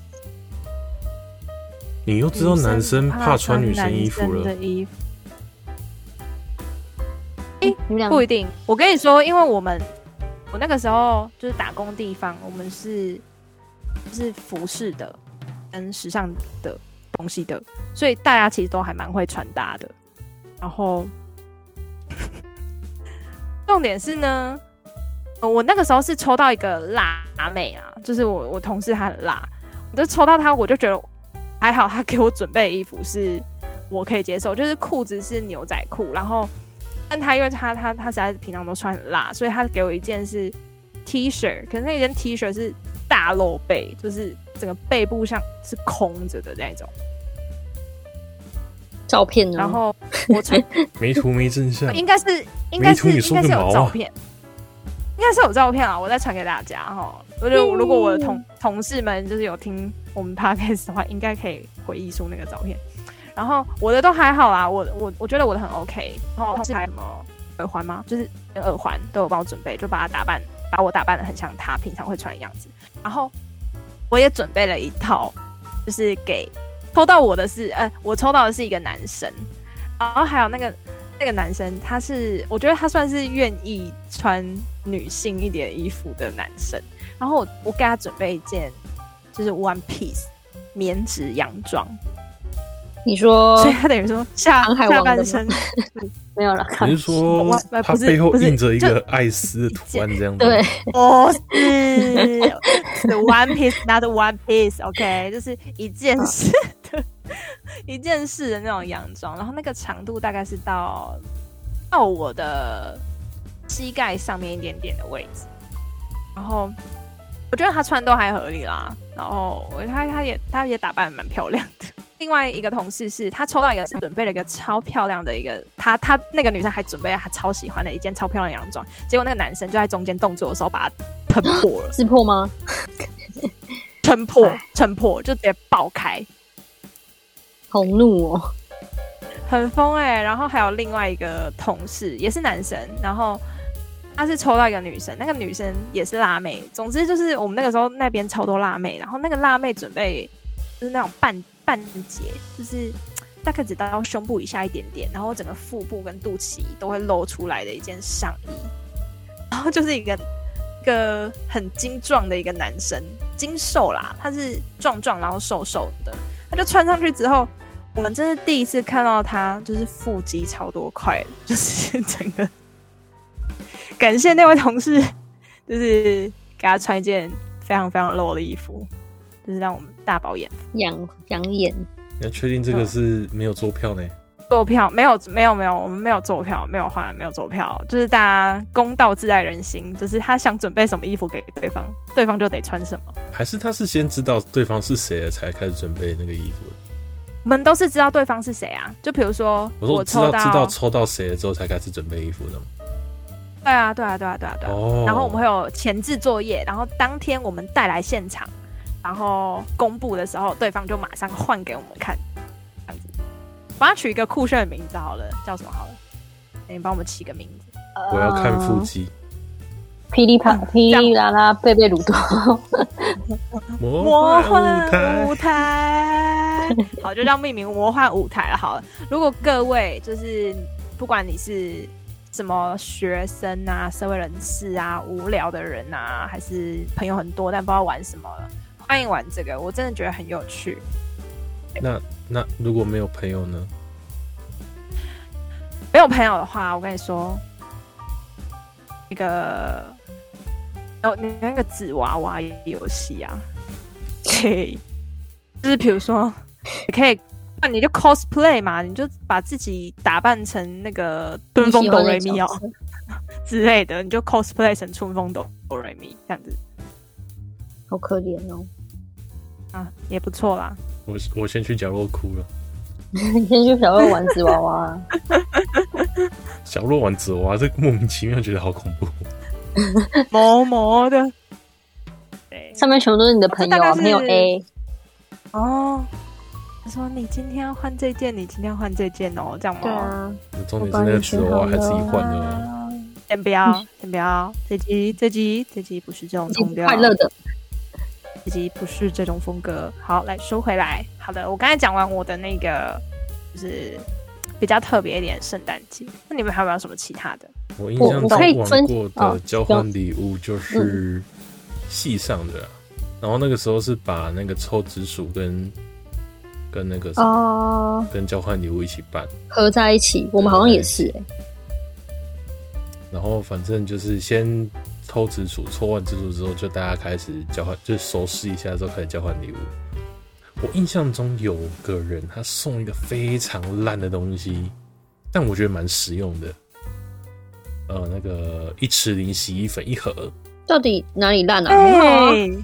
你又知道男生怕穿女生衣服了？的衣服、欸。不一定。我跟你說，因為我們我那個時候就是打工地方，我們是是服飾的，跟時尚的東西的，所以大家其實都還蠻會穿搭的。然後。重點是呢，我那個時候是抽到一個辣妹啊，就是我我同事她很辣，我就抽到她，我就覺得還好，她給我準備的衣服是我可以接受，就是褲子是牛仔褲，然後但她因為她她她實在是平常都穿很辣，所以她給我一件是 T 恤，可是那件 T 恤是大露背，就是整個背部上是空着的那一種。照片、哦，然後我傳 [LAUGHS] 沒圖沒真相，應該是應該是應該是，應是有照片，應該是有照片啊。我再傳給大家哈。我覺得如果我的同同事們就是有聽我們 podcast 的話，應該可以回憶出那個照片。然後我的都還好啦，我我我覺得我的很 OK。然後他是什麼耳環嗎？就是耳環都有幫我準備，就把他打扮，把我打扮的很像他平常會穿的樣子。然後我也準備了一套，就是給。抽到我的是，呃，我抽到的是一個男生，然後還有那個那個男生，他是我覺得他算是願意穿女性一點衣服的男生，然後我我給他準備一件就是 One Piece 棉質洋裝。你說，所以他等於說，下下半身沒有了。你是說他背後印着一個艾斯圖案這樣子？對，哦是。The [LAUGHS] one piece, not the one piece. OK，就是一件式的好一件式的那種洋裝。然後那個長度大概是到到我的膝蓋上面一點點的位置。然後我覺得他穿都還合理啦。然後他他也他也打扮也蠻漂亮的。另外一個同事是他抽到一個，是準備了一個超漂亮的一個，他他那個女生還準備了他超喜歡的一件超漂亮的洋裝，結果那個男生就在中間動作的時候把它撐破了。撕破嗎？撐 [LAUGHS] 破，撐 [LAUGHS] 破，破就直接爆開，好怒哦，很瘋哎、欸！然後還有另外一個同事也是男生，然後他是抽到一個女生，那個女生也是辣妹，總之就是我們那個時候那邊超多辣妹，然後那個辣妹準備就是那種半。半截就是大概只到胸部以下一點點，然後整個腹部跟肚臍都會露出來的一件上衣，然後就是一個一個很精壯的一個男生，精瘦啦，他是壯壯然後瘦瘦的，他就穿上去之後，我們這是第一次看到他就是腹肌超多塊，就是整個感謝那位同事，就是給他穿一件非常非常露的衣服。就是讓我們大飽眼，養養眼。你要確定這個是沒有做票呢？做、嗯、票沒有，沒有，沒有，我們沒有做票，沒有換，沒有做票。就是大家公道自在人心，就是他想準備什麼衣服給對方，對方就得穿什麼。還是他是先知道對方是誰了，才開始準備那個衣服？我們都是知道對方是誰啊。就比如說，我說我抽到知道知道抽到誰了之後，才開始準備衣服的。對啊，對啊，對啊，對啊，對啊、oh. 然後我們會有前置作業，然後當天我們帶來現場。然後公布的時候，對方就馬上換給我們看，這樣子。幫他取一個酷炫的名字好了，叫什麼好了？欸、你幫我們起個名字。呃、我要看腹肌。呃、噼裡啪噼裡啪樣啦,啦，貝貝魯多。 [LAUGHS] 魔幻舞台。舞台 [LAUGHS] 好，就叫命名魔幻舞台了。好了， [LAUGHS] 如果各位就是不管你是什麼學生啊、社會人士啊、無聊的人啊，還是朋友很多但不知道玩什麼了。歡迎玩，玩這個，我真的覺得很有趣。那那如果沒有朋友呢？沒有朋友的話，我跟你說，那個哦，你那個紙娃娃遊戲啊，可 [LAUGHS] 就是比如說，你可以，那你就 cosplay 嘛，你就把自己打扮成那個春風斗，斗雷米、哦、奧 [LAUGHS] 之類的，你就 cosplay 成春風斗，斗雷米這樣子，好可憐哦。啊，也不錯啦。我我先去角落哭了。你 [LAUGHS] 先去角落玩紙娃娃。角落玩紙娃娃，這莫名其妙覺得好恐怖。毛毛 [LAUGHS] 的。對，上面全部都是你的朋友啊，朋友、哦、A。哦，他說你今天要換這件，你今天要換這件哦，這樣嗎？啊、重點是那紙娃娃還是一換的、啊。啊、先不要，先不要，這集這集這集不是這種通標。快樂的。以及不是這種風格。好，來收回來，好的，我剛才講完我的那個，就是比較特別一點，聖誕節。那你們還有沒有什麼其他的？我印象中玩過的交換禮物就是系上的，嗯、然後那個時候是把那個抽直屬跟跟那個什麼，uh, 跟交換禮物一起辦，合在一起。對我們好像也是、欸、然後反正就是先。抽支數，抽完支數之後，就大家開始交換，就收拾一下之後開始交換禮物。我印象中有個人，他送一個非常爛的東西，但我覺得蠻實用的。呃，那個一匙靈洗衣粉一盒，到底哪裡爛啊？哎、欸，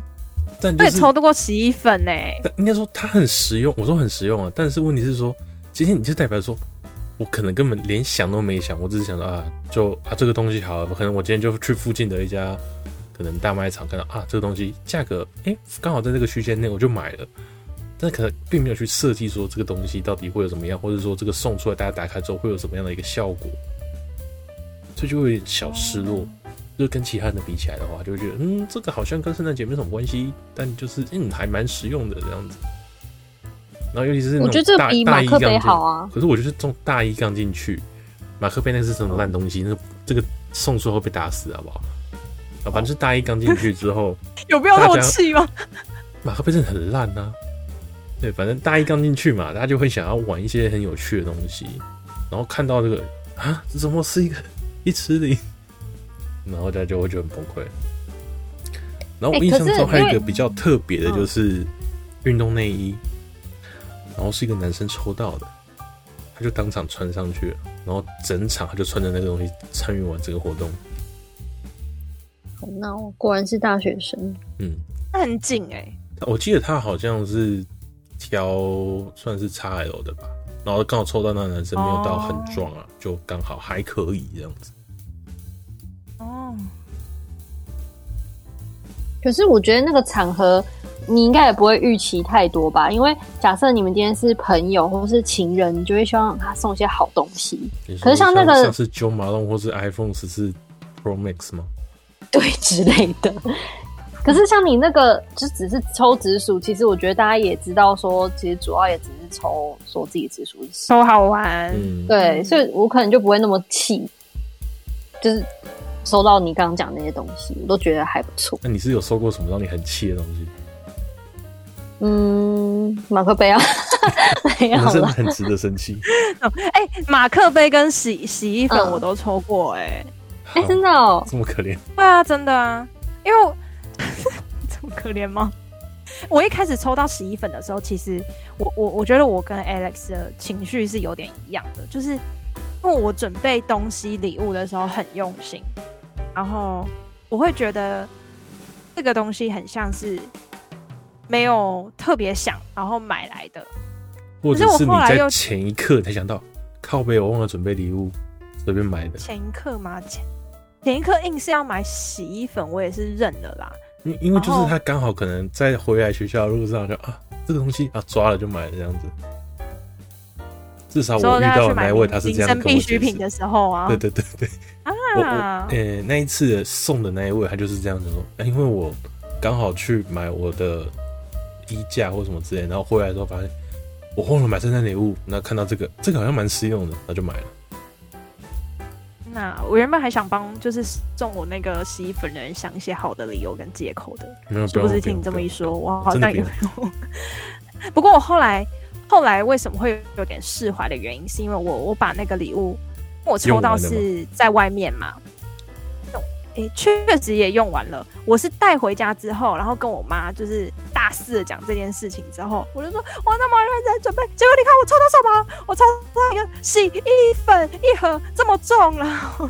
但你抽到過洗衣粉呢、欸？但應該說它很實用，我說很實用啊。但是問題是說，今天你就代表說。我可能根本連想都沒想，我只是想到啊，就啊這個東西好了，可能我今天就去附近的一家可能大賣場看到啊這個東西價格，誒、欸，剛好在這個區間內，我就買了。但可能並沒有去設計說這個東西到底會有什麼樣，或者說這個送出來大家打開之後會有什麼樣的一個效果，所以就會有點小失落。就跟其他人的比起來的話，就會覺得嗯這個好像跟聖誕節沒什麼關係，但就是嗯還蠻實用的這樣子。然後，尤其是我覺得這個比馬克杯好啊。可是我就是從大一剛進去，馬克杯那是什麼爛東西？那個、這個送出後被打死，好不好？啊、哦，反正是大一剛進去之後， [LAUGHS] 有必要那麼氣嗎？馬克杯真的很爛啊。對，反正大一剛進去嘛，大家就會想要玩一些很有趣的東西，然後看到這個啊，這怎麼是一個一尺零？然後大家就會覺得很崩潰。然後我印象中還有一個比較特別的就是，欸是嗯、運動內衣。然後是一個男生抽到的，他就當場穿上去了，然後整場他就穿着那個東西參與完這個活動。好，那果然是大學生。嗯，他很緊哎、欸。我記得他好像是挑算是 XL 的吧，然後剛好抽到那個男生，沒有到很壯啊，哦、就剛好還可以這樣子。哦。可是我覺得那個場合。你應該也不會預期太多吧，因為假設你們今天是朋友或者是情人，你就會希望他送一些好東西。你說 可是像那，這個像是 Jo Malone，或是 iPhone 十四 Pro Max 嗎？對，之類的。可是像你那個就只是抽直屬，其實我覺得大家也知道說說其實主要也只是抽說自己直屬，就是，抽好玩。嗯、對，所以我可能就不會那麼氣，就是收到你剛剛講那些東西，我都覺得還不錯。那你是有收過什麼讓你很氣的東西？嗯，馬克杯啊， [LAUGHS] 了 [LAUGHS] 真的很值得生氣。哎、 [LAUGHS] 嗯欸，馬克杯跟洗洗衣粉，我都抽過、欸，哎、嗯、哎、欸，真的哦，這麼可憐。對啊，真的啊，因為 [LAUGHS] 這麼可憐嗎？我一開始抽到洗衣粉的時候，其實我我我覺得我跟 Alex 的情緒是有點一樣的，就是因為我準備東西禮物的時候很用心，然後我會覺得這個東西很像是。沒有特別想，然後買來的，或者是你在是我後來又前一刻才想到靠背，我忘了準備禮物，隨便買的。前一刻嗎？前前一刻硬是要買洗衣粉，我也是認了啦。因因為就是他剛好可能在回來學校的路上就然後啊，這個東西啊抓了就買了這樣子。至少我遇到的那一位他是這樣子必需品的時候啊，對對對對啊，欸，那一次送的那一位他就是這樣子說，哎，因為我剛好去買我的。低價或什麼之類，然後回來的時候發現我忘了買聖誕禮物，那看到這個，這個好像蠻實用的，那就買了。那我原本還想幫就是中我那個洗衣粉的人想一些好的理由跟借口的，嗯、是不是？聽你這麼一說，嗯、我，我好像有。不，用 [LAUGHS] 不過我後來後來為什麼會有點釋懷的原因，是因為我我把那個禮物我抽到是在外面嘛。欸，確實也用完了。我是帶回家之後，然後跟我媽就是大肆的講這件事情之後，我就說：“我那麼認真準備，結果你看我抽到什麼、啊？我抽到一個洗衣粉一盒，這麼重了，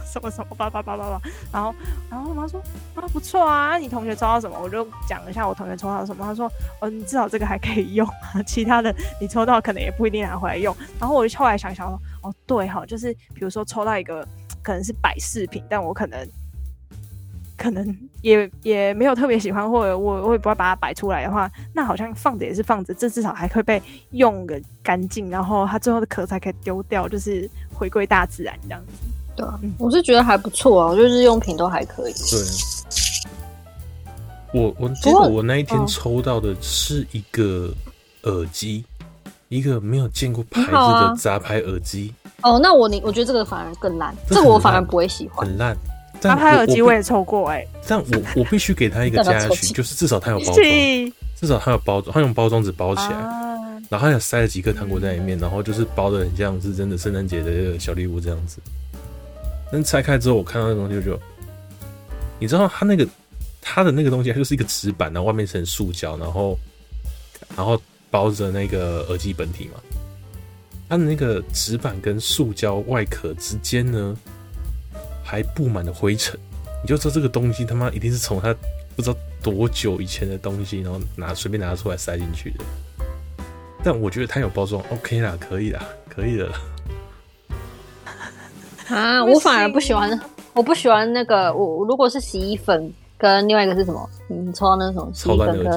什麼什麼，叭叭叭叭叭。”然後，然後我媽說：“啊，不錯啊，你同學抽到什麼？”我就講了一下我同學抽到什麼。他說：“哦，你至少這個還可以用、啊，其他的你抽到可能也不一定拿回來用。”然後我就後來想一想說：“哦，對哈，就是比如說抽到一個可能是擺飾品，但我可能。”可能也也沒有特別喜歡，或者我我也不會把它擺出來的話，那好像放着也是放着，這至少還會被用個乾淨，然後它最後的殼才可以丟掉，就是回歸大自然這樣子。對啊，嗯、我是覺得還不錯啊，我就是日用品都還可以。對，我我記得我那一天抽到的是一個耳機，哦、一個沒有見過牌子的雜牌耳機、啊。哦，那我你我覺得這個反而更爛，這個我反而不會喜歡，很爛。他、啊、他耳機我也抽過哎、欸，但我我必須給他一個嘉許，就是至少他有包裝， [LAUGHS] 至少他有包裝，他用包裝紙包起來，啊、然後他有塞了幾顆糖果在裡面，然後就是包得很像是真的聖誕節的小禮物這樣子。但拆開之後，我看到那個東西就,就，你知道他那個他的那個東西，它就是一個紙板，然後外面一層塑膠，然後然後包着那個耳機本體嘛。他的那個紙板跟塑膠外殼之間呢？還布滿了灰塵，你就知道這個東西他媽一定是從他不知道多久以前的東西，然後拿隨便拿出來塞進去的。但我覺得它有包裝，OK 啦，可以啦，可以的啊，我反而不喜歡，我不喜歡那個。我如果是洗衣粉，跟另外一個是什麼？你抽到那什麼抽到那個。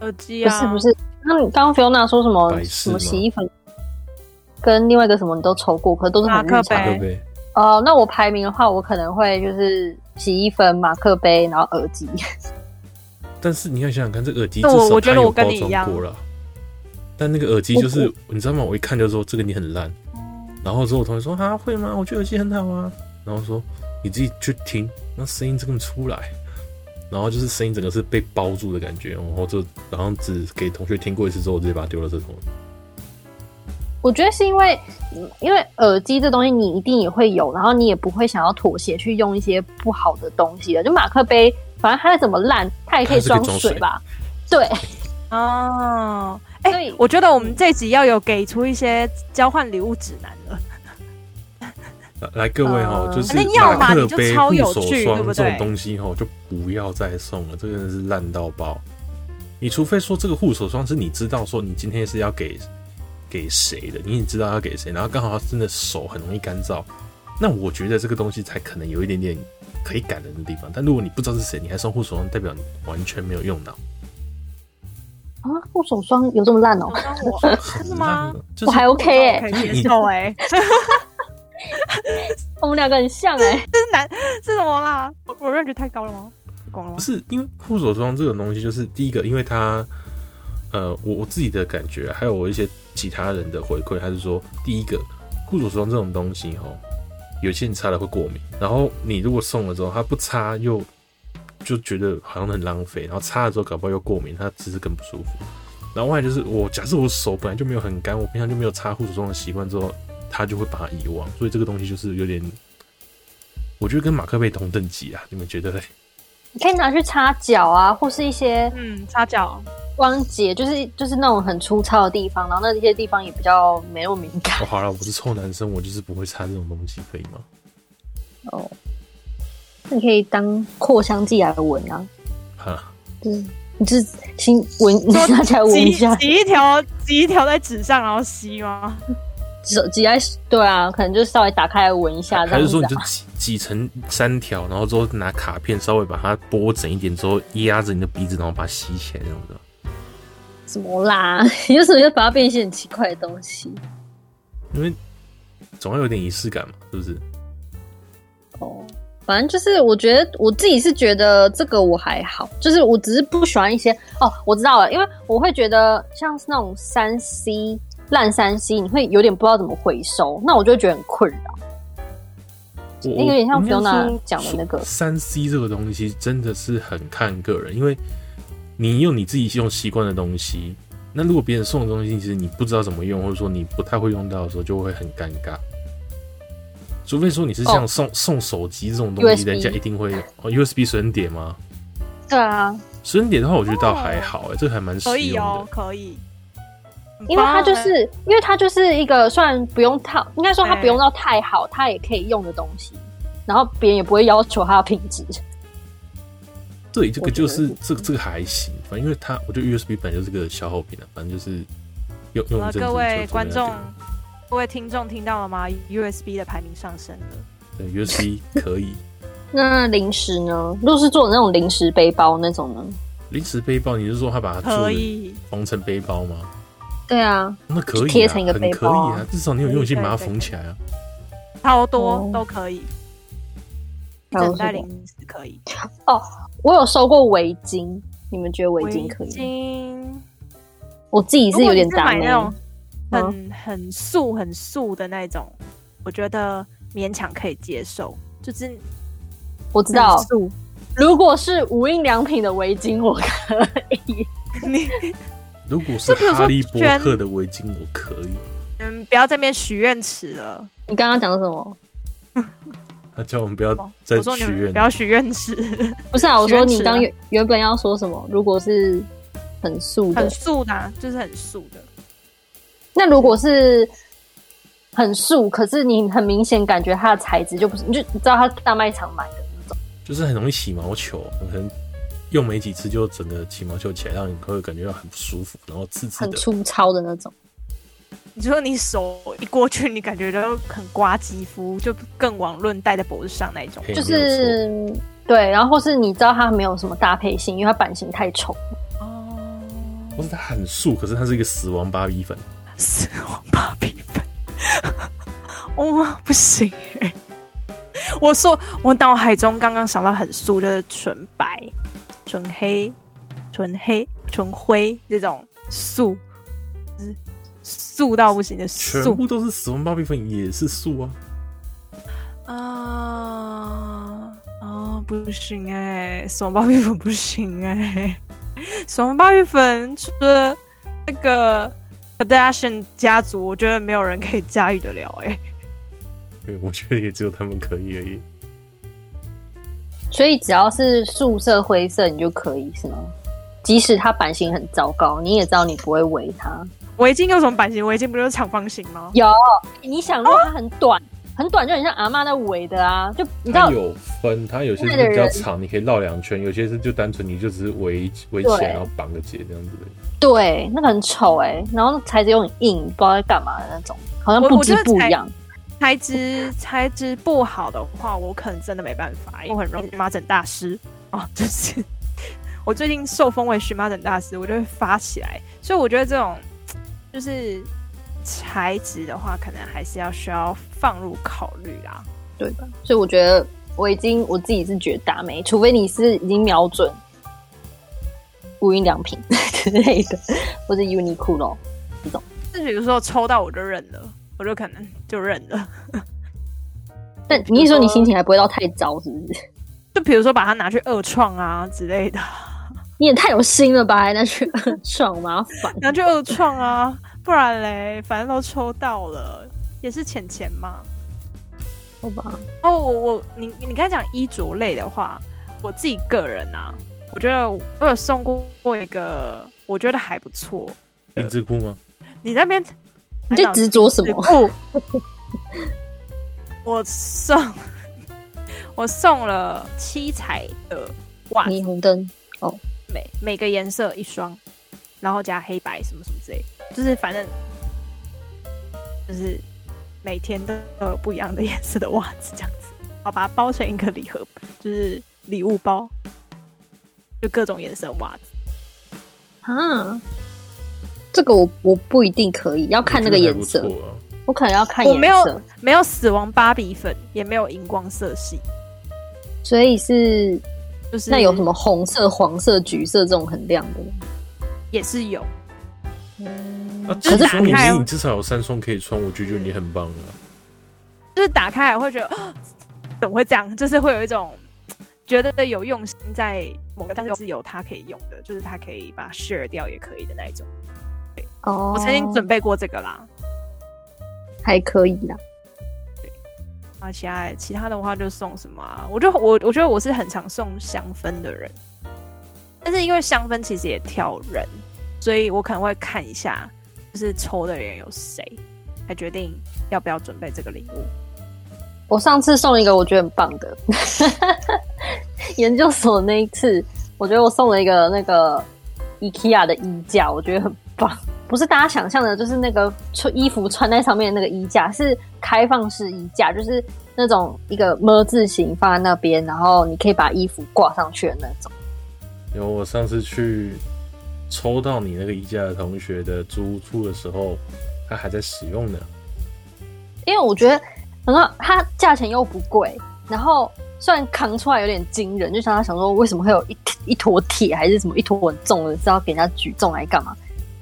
耳機啊？不是不是，那你剛剛 Fiona 說什麼什麼洗衣粉？跟另外一個什麼你都抽過，可是都是很日常對不對？哦，oh, 那我排名的話，我可能會就是洗衣粉、馬克杯，然後耳機。但是你要想想看，這個、耳機就我，我覺得過我跟你一樣。但那個耳機就是你知道嗎？我一看就說這個你很爛。嗯、然後之後我同學說啊會嗎？我覺得耳機很好啊。然後我說你自己去聽那聲音這麼出來？然後就是聲音整個是被包住的感覺。然後就然後只給同學聽過一次之後，我直接把它丟了這種。我覺得是因為，因為耳機這東西你一定也會有，然後你也不會想要妥協去用一些不好的東西的。就馬克杯，反正它再怎麼爛，它也可以裝水吧？對。以對哦，哎、欸，對我覺得我們這集要有給出一些交換禮物指南了。來，各位哈，嗯、就是馬克杯要你就超有趣、護手霜這種東西哈，對不對，就不要再送了，這個、真的是爛到爆。你除非說這個護手霜是你知道說你今天是要給。給誰的？你也知道要給誰，然後剛好他真的手很容易乾燥，那我覺得這個東西才可能有一點點可以感人的地方。但如果你不知道是誰，你還送護手霜，代表你完全沒有用到。啊，護手霜有這麼爛哦、喔？真、喔、的是嗎？就是、我還 OK 耶、欸，很接受哎。我們兩個很像哎、欸，這是男是，是什麼啦？我我認知太高了嗎？不，嗎不是，因為護手霜這種東西，就是第一個，因為它。呃，我我自己的感覺，還有我一些其他人的回饋，還是說，第一個護手霜這種東西，喔，吼，有些人擦了會過敏，然後你如果送了之後，他不擦又就覺得好像很浪費，然後擦了之後搞不好又過敏，它其實更不舒服。然後另外就是，我假設我手本來就沒有很乾，我平常就沒有擦護手霜的習慣，之後它就會把它遺忘，所以這個東西就是有點，我覺得跟馬克杯同等級啊，你們覺得嘞？你可以拿去擦腳啊，或是一些光嗯擦腳關節，就是就是那種很粗糙的地方，然後那些地方也比較沒有敏感。哦、好了，我不是臭男生，我就是不會擦這種東西，可以嗎？哦，那你可以當擴香劑來聞啊。哈，對，你就先聞，拿起來聞一下，擠一條，擠一條在紙上，然後吸嗎？擠擠，對啊，可能就稍微打開來聞一下。還是說你就擠擠成三條，然後之後拿卡片稍微把它撥整一點，之後壓着你的鼻子，然後把它吸起來，這種的什麼啦？有時候要把它變成一些很奇怪的東西？因為總要有點儀式感嘛，是不是？哦，反正就是，我覺得我自己是覺得這個我還好，就是我只是不喜歡一些哦，我知道了，因為我會覺得像是那種三 C。爛三 C，你會有點不知道怎麼回收，那我就會覺得很困擾。那有點像 Fiona 講的那個三 C 這個東西，真的是很看個人，因為你用你自己用習慣的東西，那如果別人送的東西，其實你不知道怎麼用，或者說你不太會用到的時候，就會很尷尬。除非說你是像送、哦、送手機這種東西，USB 人家一定會用哦 USB 隨身碟嗎？對啊，隨身碟的話，我覺得倒還好哎、欸，這個、還蠻可以哦，可以。欸、因為它就是，因為它就是一個雖然不用套，應該說它不用到太好，它、欸、也可以用的東西，然後別人也不會要求它的品質。對，這個就是這個這個還行，反正因為它，我覺得 USB 本來就是個消耗品啊，反正就是有有，了各位觀眾、各位聽眾聽到了嗎？USB 的排名上升了。對，USB 可以。 [LAUGHS] 那零食呢？如果是做那種零食背包那種呢？零食背包，你是說他把它做成背包嗎？對啊，那可以、啊，貼成一個，很可以啊！至少你有用心把它縫起來啊。超多都可以，等待、嗯、零食可以哦。我有收過圍巾，你們覺得圍巾可以？圍巾，我自己是有點擔那種很很素很素的那種，嗯、我覺得勉強可以接受。就是我知道，素如果是無印良品的圍巾，我可以。 [LAUGHS] 你。 [LAUGHS] 如果是哈利波特的圍巾，我可以。嗯，不要在那邊許願池了。你剛剛講的什麼？ [LAUGHS] 他叫我們不要再許願，哦、不要許願池。不是啊，我說你剛，剛原本要說什麼？如果是很素、很素的，就是很素的。那如果是很素，可是你很明顯感覺它的材質就不是，你就你知道它大賣場買的那種，就是很容易起毛球，很，很用沒幾次就整個起毛球起來，讓你會感覺到很不舒服，然後刺刺的，很粗糙的那種。你說你手一過去，你感覺到很刮肌膚，就更遑論戴在脖子上那種。就是對，然後或是你知道它沒有什麼搭配性，因為它版型太醜。哦，不是它很素，可是它是一個死亡芭比粉，死亡芭比粉，哇、 [LAUGHS] 哦、不行 [LAUGHS] 我！我說我腦海中剛剛想到很素就是純白。純黑、純黑、純灰這種素，素到不行的，素，都是死亡芭比粉，也是素啊！啊啊、呃哦，不行哎、欸，死亡芭比粉不行哎、欸，死亡芭比粉除了那個 Kardashian 家族，我覺得沒有人可以駕馭得了哎、欸。對，我覺得也只有他們可以而已。所以只要是素色灰色，你就可以是嗎？即使它版型很糟糕，你也知道你不會圍它。圍巾有什麼版型？圍巾不就是長方形嗎？有，你想繞它很短，哦、很短就很像阿媽在圍的啊，就你知道有分，它有些是比較長，你可以繞兩圈；有些是就單純你就只是圍圍起來，對然後綁個結這樣子的。對，那個很醜哎、欸，然後材質又很硬，不知道在幹嘛的那種，好像不織布一樣。材質材質不好的話，我可能真的沒辦法， [LAUGHS] 我很容易蕁麻疹大師哦、啊，就是我最近受封為蕁麻疹大師，我就會發起來，所以我覺得這種就是材質的話，可能還是要需要放入考慮啦、啊。對吧？所以我覺得我已經我自己是覺得大美，除非你是已經瞄準無印良品之類的，或者 UNIQLO 這種，甚至有時候抽到我就認了。我就可能就認了， [LAUGHS] 但你一 [LAUGHS] 說你心情還不會到太糟，是不是？就比如說把它拿去二創啊之類的，你也太有心了吧？拿去二創嗎 [LAUGHS] 拿去二創麻煩，拿去二創啊，不然嘞？反正都抽到了，也是錢錢嘛。好吧，哦，我我你你剛才講衣着類的話，我自己個人啊，我覺得我有送過一個，我覺得還不錯，衣櫥嗎？你那邊。你在執着什麼？ [LAUGHS] 我送我送了七彩的襪，霓虹燈哦，每每個顏色一雙，然後加黑白什麼什麼之類，就是反正就是每天都有不一樣的顏色的襪子這樣子，好把它包成一個禮盒，就是禮物包，就各種顏色襪子， [LAUGHS] 這個我我不一定可以，要看那個顏色。我，啊、我可能要看顏色。我沒有沒有死亡芭比粉，也沒有熒光色系，所以是就是那有什麼紅色、黃色、橘色這種很亮的，也是有。可、嗯就是、啊、說明你，你至少有三雙可以穿，我就覺得就你很棒啊。就是打開來會覺得怎麼會這樣？就是會有一種覺得有用心在某個，但是有它可以用的，就是它可以把它 share 掉也可以的那一種。哦，oh, 我曾經準備過這個啦，還可以啦。對、啊，其他其他的話就送什麼、啊，我就我我覺得我是很常送香氛的人，但是因為香氛其實也挑人，所以我可能會看一下，就是抽的人有誰，才決定要不要準備這個禮物。我上次送一個我覺得很棒的 [LAUGHS] 研究所那一次，我覺得我送了一個那個 IKEA 的衣架，我覺得很棒。不是大家想象的，就是那個穿衣服穿在上面的那個衣架，是開放式衣架，就是那種一個麼字形放在那邊，然後你可以把衣服掛上去的那種。有我上次去抽到你那個衣架的同學的租屋處的時候，他還在使用呢。因為我覺得，然後它價錢又不貴，然後雖然扛出來有點驚人，就像他想說為什麼會有一一坨鐵，還是什麼一坨很重的，是要給人家舉重來幹嘛？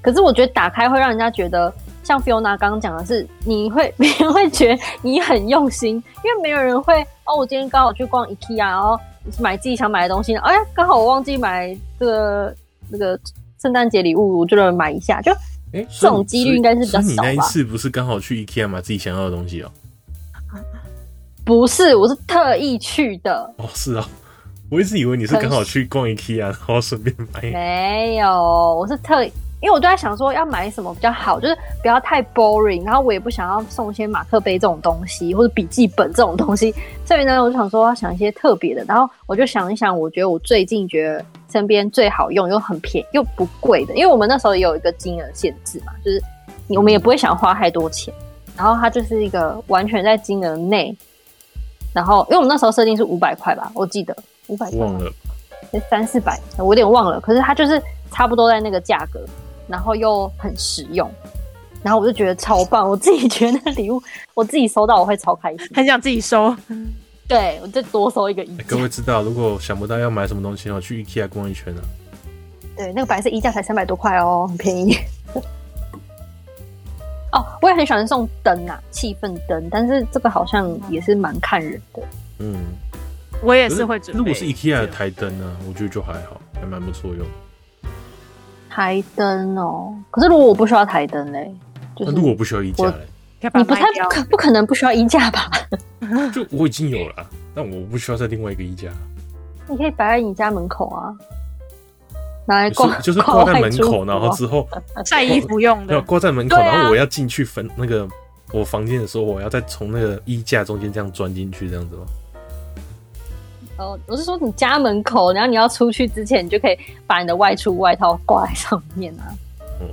可是我覺得打開會讓人家覺得，像 Fiona 剛剛講的是，你會別人會覺得你很用心，因為沒有人會哦。我今天剛好去逛 IKEA，然後買自己想買的東西。哎呀，剛好我忘記買這個那、這個聖誕節禮物，我就能買一下。就哎，這種幾率應該是比較少。欸、你那一次不是剛好去 IKEA 買自己想要的東西哦、喔？不是，我是特意去的。哦，是啊，我一直以為你是剛好去逛 IKEA，然後順便買。沒有，我是特。因為我都在想說要買什麼比較好，就是不要太 boring，然後我也不想要送一些馬克杯這種東西或者筆記本這種東西，所以呢，我就想說要想一些特別的，然後我就想一想，我覺得我最近覺得身邊最好用又很便宜又不貴的，因為我們那時候也有一個金額限制嘛，就是我們也不會想花太多錢，然後它就是一個完全在金額內，然後因為我們那時候設定是五百塊吧，我記得五百塊了，三四百，300, 400, 我有點忘了，可是它就是差不多在那個價格。然後又很實用，然後我就覺得超棒。我自己覺得那禮物，我自己收到我會超開心，很想自己收。對，我再多收一個衣架。各位知道，如果想不到要買什麼東西哦，去 IKEA 逛一圈啊。對，那個白色衣架才三百多塊哦，很便宜。 [LAUGHS] 哦，我也很喜歡送燈啊，氣氛燈，但是這個好像也是蠻看人的。嗯，我也是會準備。如果是 IKEA 的台燈呢，有我覺得就還好，還蠻不錯用。台燈哦、喔，可是如果我不需要台燈那、就是、如果我不需要衣架嘞，你不太不不可能不需要衣架吧？就我已經有了，啊，那我不需要再另外一個衣架，啊。你可以擺在你家門口啊，拿來掛，就是掛在門口，口啊，然後之後曬衣服用。要掛、啊、我在門口，啊，然後我要進去分那個我房間的時候，我要再從那個衣架中間這樣鑽進去，這樣子嗎？哦，我是說你家門口，然後你要出去之前，你就可以把你的外出外套掛在上面啊，嗯，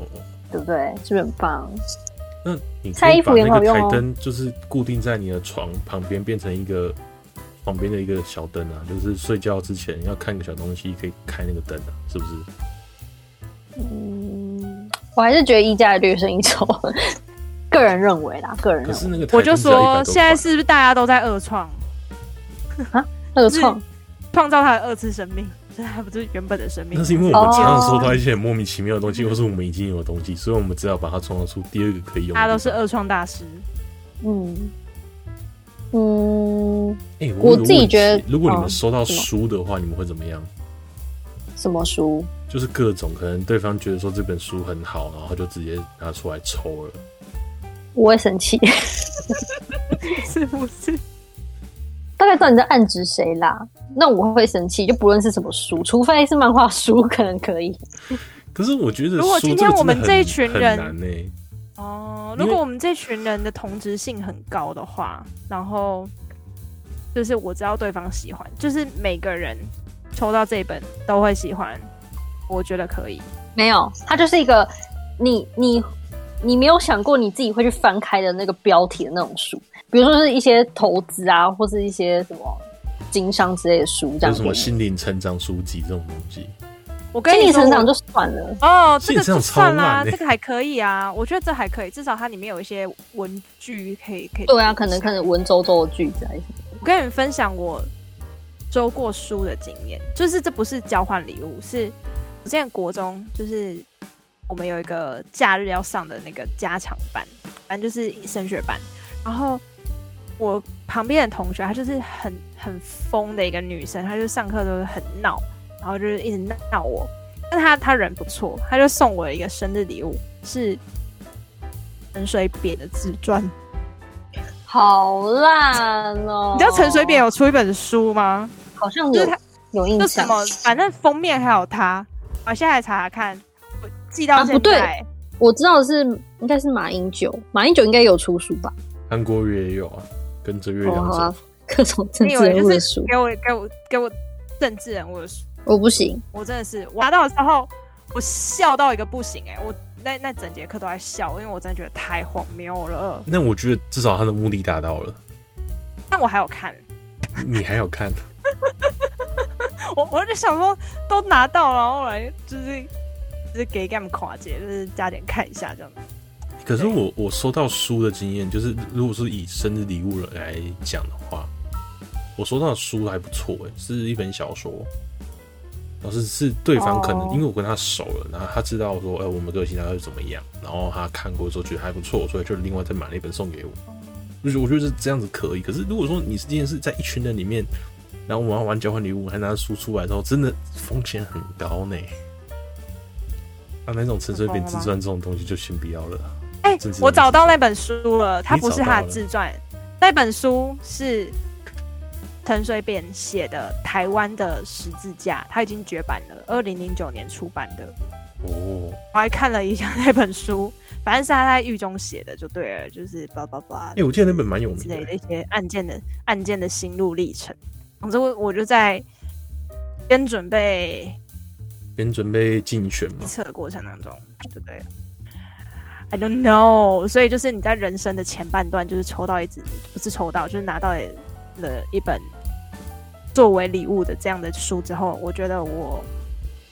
對不對？是不是很棒？那你衣服也好用。開燈就是固定在你的床旁邊，變成一個旁邊的一個小燈啊，就是睡覺之前要看個小東西，可以開那個燈啊，是不是？嗯，我還是覺得衣架略勝一籌，個人認為啦，個人認為。可是我就說現在是不是大家都在二創？啊二創創造它的二次生命，這還不是原本的生命。那是因為我們經常收到一些很莫名其妙的東西，哦、或是我們已經有的東西，所以我們只要把它創造出第二個可以用。他都是二創大師，嗯嗯。哎、嗯，欸、我,我自己覺得，如果你們收到書的話，哦、你們會怎麼樣？什麼書？就是各種可能，對方覺得說這本書很好，然後就直接拿出來抽了。我也生氣， [LAUGHS] 是不是？大概到你在暗指誰啦？那我會生氣，就不論是什麼書，除非是漫畫書，可能可以。可是我覺得真，如果今天我們這一群人，哦、欸，如果我們這群人的同質性很高的話，會然後就是我知道對方喜歡，就是每個人抽到這一本都會喜歡，我覺得可以。沒有，它就是一個你你你沒有想過你自己會去翻開的那個標題的那種書。比如說是一些投資啊，或是一些什麼經商之類的書，這樣有什麼心靈成長書籍這種東西？我跟你，我你成長就算了哦，這個就算啦，啊，這個還可以啊， [LAUGHS] 我覺得這還可以，至少它裡面有一些文具可以可以。可以對啊，可能看文縐縐的句子還是什麼。我跟你們分享我收過書的經驗，就是這不是交換禮物，是我現在國中就是我們有一個假日要上的那個加強班，反正就是升學班，然後，我旁邊的同學，她就是很很瘋的一個女生，她就上課都是很鬧，然後就是一直鬧我。但她她人不錯，她就送我一個生日禮物，是陳水扁的自傳，好爛哦、喔！你知道陳水扁有出一本書嗎？好像有，他有印象。反正封面還有他。我現在來查查看，我記到、啊、不對，我知道的是應該是馬英九，馬英九應該有出書吧？韓國瑜也有啊。跟着閱讀各種政治人物的給我給我給我政治人物的書，我不行，我真的是我拿到的時候，我笑到一個不行哎、欸，我那那整節課都在笑，因為我真的覺得太荒謬了。那我覺得至少他的目的達到了，但我還有看，你還有看， [LAUGHS] 我我就想說都拿到了，然後來就是就是給 game 誇就是加點看一下這樣可是我我收到書的經驗就是，如果是以生日禮物來講的話，我收到的書還不錯誒，是一本小說。老實是對方可能因為我跟他熟了，然後他知道說，哎、欸，我們個性他會怎麼樣，然後他看過之後覺得還不錯，所以就另外再買了一本送給我。我覺得這樣子可以。可是如果說你今天是這件事在一群人裡面，然後我們要玩交換禮物，還拿書出來的，之後真的風險很高呢。啊，那種陳水扁自傳這種東西就先不要了。哎，欸、我找到那本書了，它不是他的自傳，那本書是陳水扁寫的《台灣的十字架》，他已經絕版了，二零零九年出版的。哦，oh. 我還看了一下那本書，反正是他在獄中寫的，就對了，就是叭叭叭。哎，我記得那本蠻有名的，那些案件的案件的心路歷程。總之，我就在邊準備邊準備競選嘛，預測的過程當中，就對了。I don't know，所以就是你在人生的前半段，就是抽到一支，不是抽到，就是拿到了一本作為禮物的這樣的書之後，我覺得我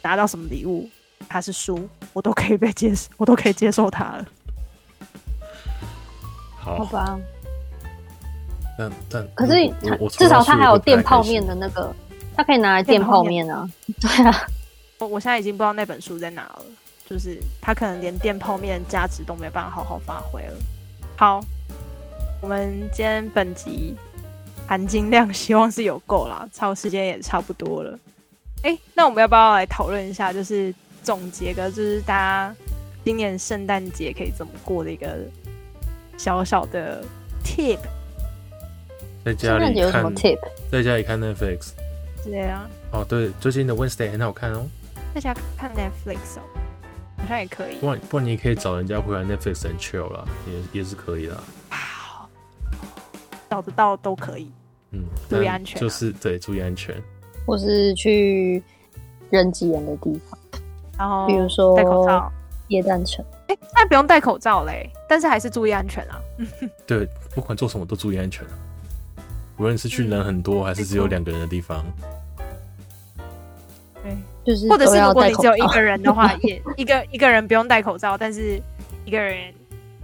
拿到什麼禮物，它是書，我都可以被接受，我都可以接受它了。好吧。但但可是，至少它還有墊泡麵的那個，它可以拿來墊泡麵啊。對 [LAUGHS] 啊，我我現在已經不知道那本書在哪了。就是他可能連電泡麵的價值都沒辦法好好發揮了。好，我們今天本集含金量希望是有夠啦，超時間也差不多了。哎，那我們要不要來討論一下？就是總結個，就是大家今年聖誕節可以怎麼過的一個小小的 tip。在家裡看有什麼 tip？在家裡看 Netflix。對啊。哦，對，最近的 Wednesday 很好看哦。在家看 Netflix 哦。好像也可以，不過不過你可以找人家回來 Netflix and chill 啦，也也是可以啦。找得到都可以。嗯，注意安全、啊，就是對，注意安全。或是去人擠人的地方，然後比如說戴口罩、耶誕城，哎、欸，那不用戴口罩嘞，但是還是注意安全啊。 [LAUGHS] 對，不管做什麼都注意安全、啊，無論是去人很多、嗯、還是只有兩個人的地方。對、嗯。嗯欸就是，或者是如果你只有一個人的話，哦、也一個 [LAUGHS] 一個人不用戴口罩，但是一個人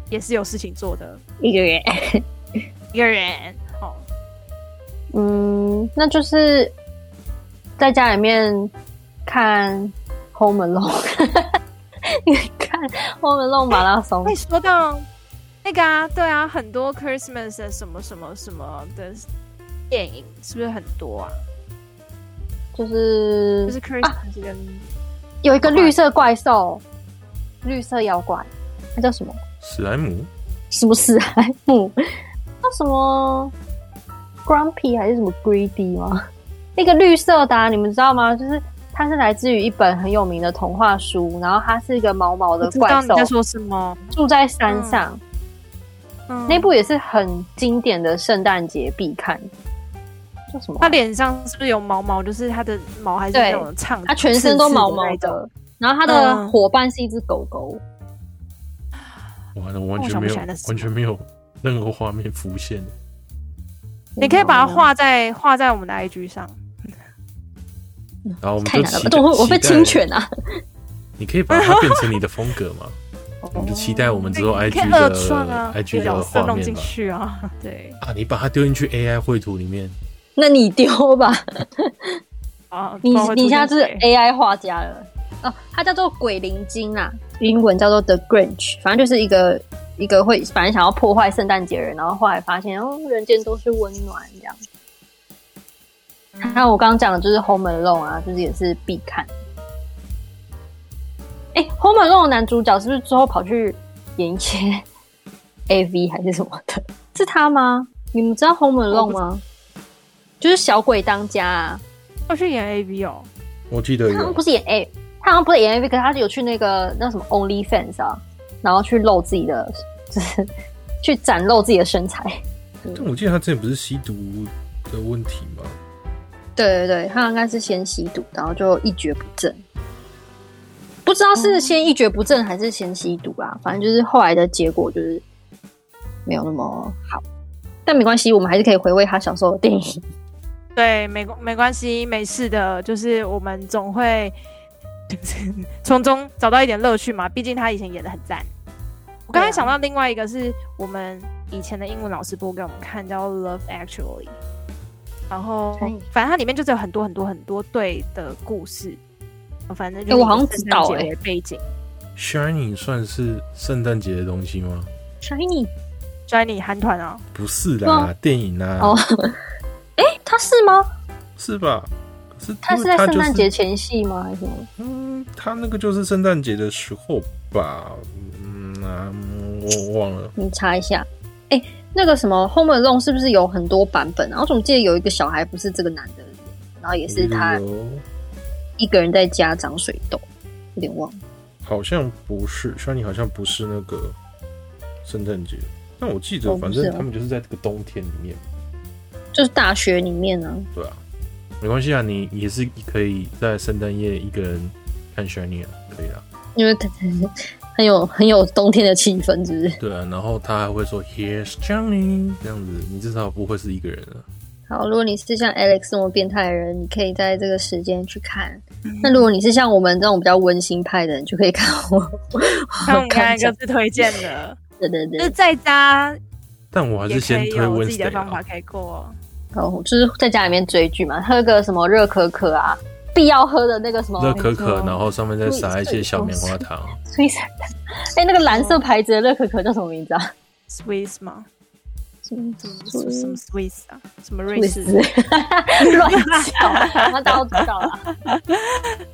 也是有事情做的。一個人， [LAUGHS] 一個人，好、哦。嗯，那就是在家裡面看《Home Alone》 [LAUGHS] 你看《Home Alone》馬拉松。會說到那個啊，對啊，很多 Christmas 的什麼什麼什麼的電影，是不是很多啊？就是就是克有一個綠色怪獸，綠色妖怪，它叫什麼？史萊姆？什麼史萊姆？叫什麼？Grumpy 還是什麼 Greedy 嗎？那個綠色的啊，你們知道嗎？就是它是來自於一本很有名的童話書，然後它是一個毛毛的怪獸，你你在說什麼？住在山上，嗯嗯，那部也是很經典的聖誕節必看。啊、他臉上是不是有毛毛？就是他的毛還是那種長？他全身都毛毛的。然後他的夥伴是一隻狗狗。完了、嗯，我完全沒有，想想完全沒有任何畫面浮現。你可以把它畫在畫在我們的 IG 上。然後我們就期待期待，我被侵權啊？你可以把它變成你的風格嗎？ [LAUGHS] [LAUGHS] [LAUGHS] [LAUGHS] 我們就期待我們之後 IG 的、啊、IG 畫進去啊。對啊，你把它丟進去 AI 繪圖裡面。那你丟吧，你你現在是 A I 畫家了哦，他叫做《鬼靈精》啊，英文叫做 The Grinch，反正就是一個一個會反正想要破壞聖誕節的人，然後後來發現哦，人間都是溫暖這樣。嗯、那我剛剛講的就是《Home Alone》啊，就是也是必看。誒，《Home Alone》的男主角是不是之後跑去演一些 [LAUGHS] [LAUGHS] A V 還是什麼的？是他嗎？你們知道《Home Alone》嗎？就是小鬼當家、啊，他是演 A V 哦，我記得他好像不是演 A，他好像不是演 A V，可是他就有去那個那什麼 OnlyFans 啊，然後去露自己的，就是去展露自己的身材。但我記得他之前不是吸毒的問題嗎？嗯、對對對，他應該是先吸毒，然後就一蹶不振，不知道是先一蹶不振還是先吸毒啊，嗯、反正就是後來的結果就是沒有那麼好，但沒關係，我們還是可以回味他小時候的電影。嗯對，沒沒關係，沒事的。就是我們總會，就是從中找到一點樂趣嘛。畢竟他以前演得很贊。啊、我剛才想到另外一個是我們以前的英文老師播給我們看，叫《Love Actually》。然後，以反正它裡面就是有很多很多很多對的故事。反正就是聖誕節的背景。哎、欸，我好像知道背、欸、景。Shining 算是聖誕節的東西嗎？Shining，Shining 韓團啊？Shiny. 哦、不是啦，啊、電影啦、啊。哦。Oh. [LAUGHS] 哎、欸，他是嗎？是吧？是，就是，他是在聖誕節前夕嗎？還是什麼？嗯，他那個就是聖誕節的時候吧。嗯、啊、我忘了。你查一下。哎、欸，那個什麼《Home Alone》是不是有很多版本啊？然後我總記得有一個小孩不是這個男的，然後也是他一個人在家長水痘，有點忘了。好像不是，雖然你好像不是那個聖誕節。但我記得，反正他們就是在這個冬天裡面。哦就是大學裡面呢、啊，對啊，沒關係啊，你也是可以在聖誕夜一個人看 Shania 可以啊，因為很有很有冬天的氣氛，是不是？對啊，然後他還會說 Here's Johnny 這樣子，你至少不會是一個人了。好，如果你是像 Alex 那麼變態的人，你可以在這個時間去看。嗯、那如果你是像我們這種比較溫馨派的人，你就可以看我，看各自推薦的， [LAUGHS] 對對對，那在家，但我還是先推我自己的方法開過。哦，就是在家裡面追劇嘛，喝個什麼熱可可啊，必要喝的那個什麼熱可可，然後上面再撒一些小棉花糖。Swiss，哎、欸，那個藍色牌子的熱可可叫什麼名字啊？Swiss 嗎？ [LAUGHS] [LAUGHS] 什麼什麼瑞士啊？ [LAUGHS] 什麼瑞士？亂叫啊！亂叫啊！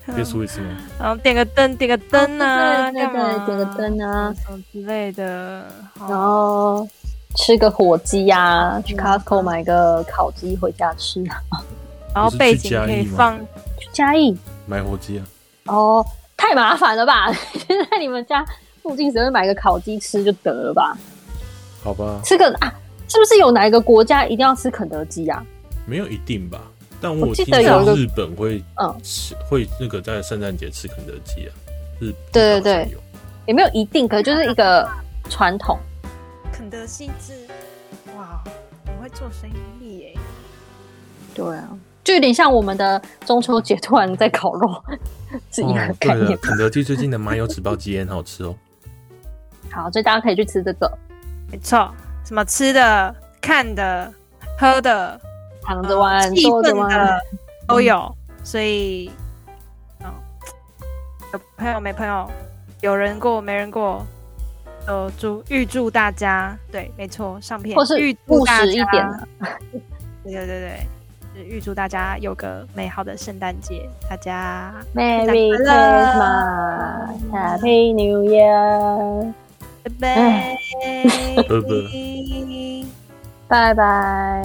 別說瑞士了。然後點個燈，點個燈啊對，對對，對，嘛點個燈啊，什麼之類的。然後。吃個火雞呀、啊，嗯、去 Costco 買個烤雞回家吃啊，然後背景可以放去嘉義買火雞啊。哦，太麻煩了吧？現在你們家附近只會買個烤雞吃就得了吧？好吧，吃個啊？是不是有哪一個國家一定要吃肯德基啊？沒有一定吧，但我，我記得有日本會嗯吃會那個在聖誕節吃肯德基啊。日對對對，也沒有一定，可能就是一個傳統。肯德基之，哇！我會做生意耶！對啊，就有點像我們的中秋節突然在烤肉， [LAUGHS] 是一個概念。哦，肯德基最近的麻油紙包雞很好吃哦。 [LAUGHS] 好，所以大家可以去吃這個。沒錯，什麼吃的、看的、喝的、躺着玩、坐着、哦、玩都有。所以，嗯、哦，有朋友沒朋友，有人過沒人過。都祝，預祝大家對，沒錯，上片或是故事預祝故事一點 [LAUGHS] 對對對對，就是、預祝大家有個美好的聖誕節，大家 Merry Christmas，Happy New Year，拜拜，拜拜。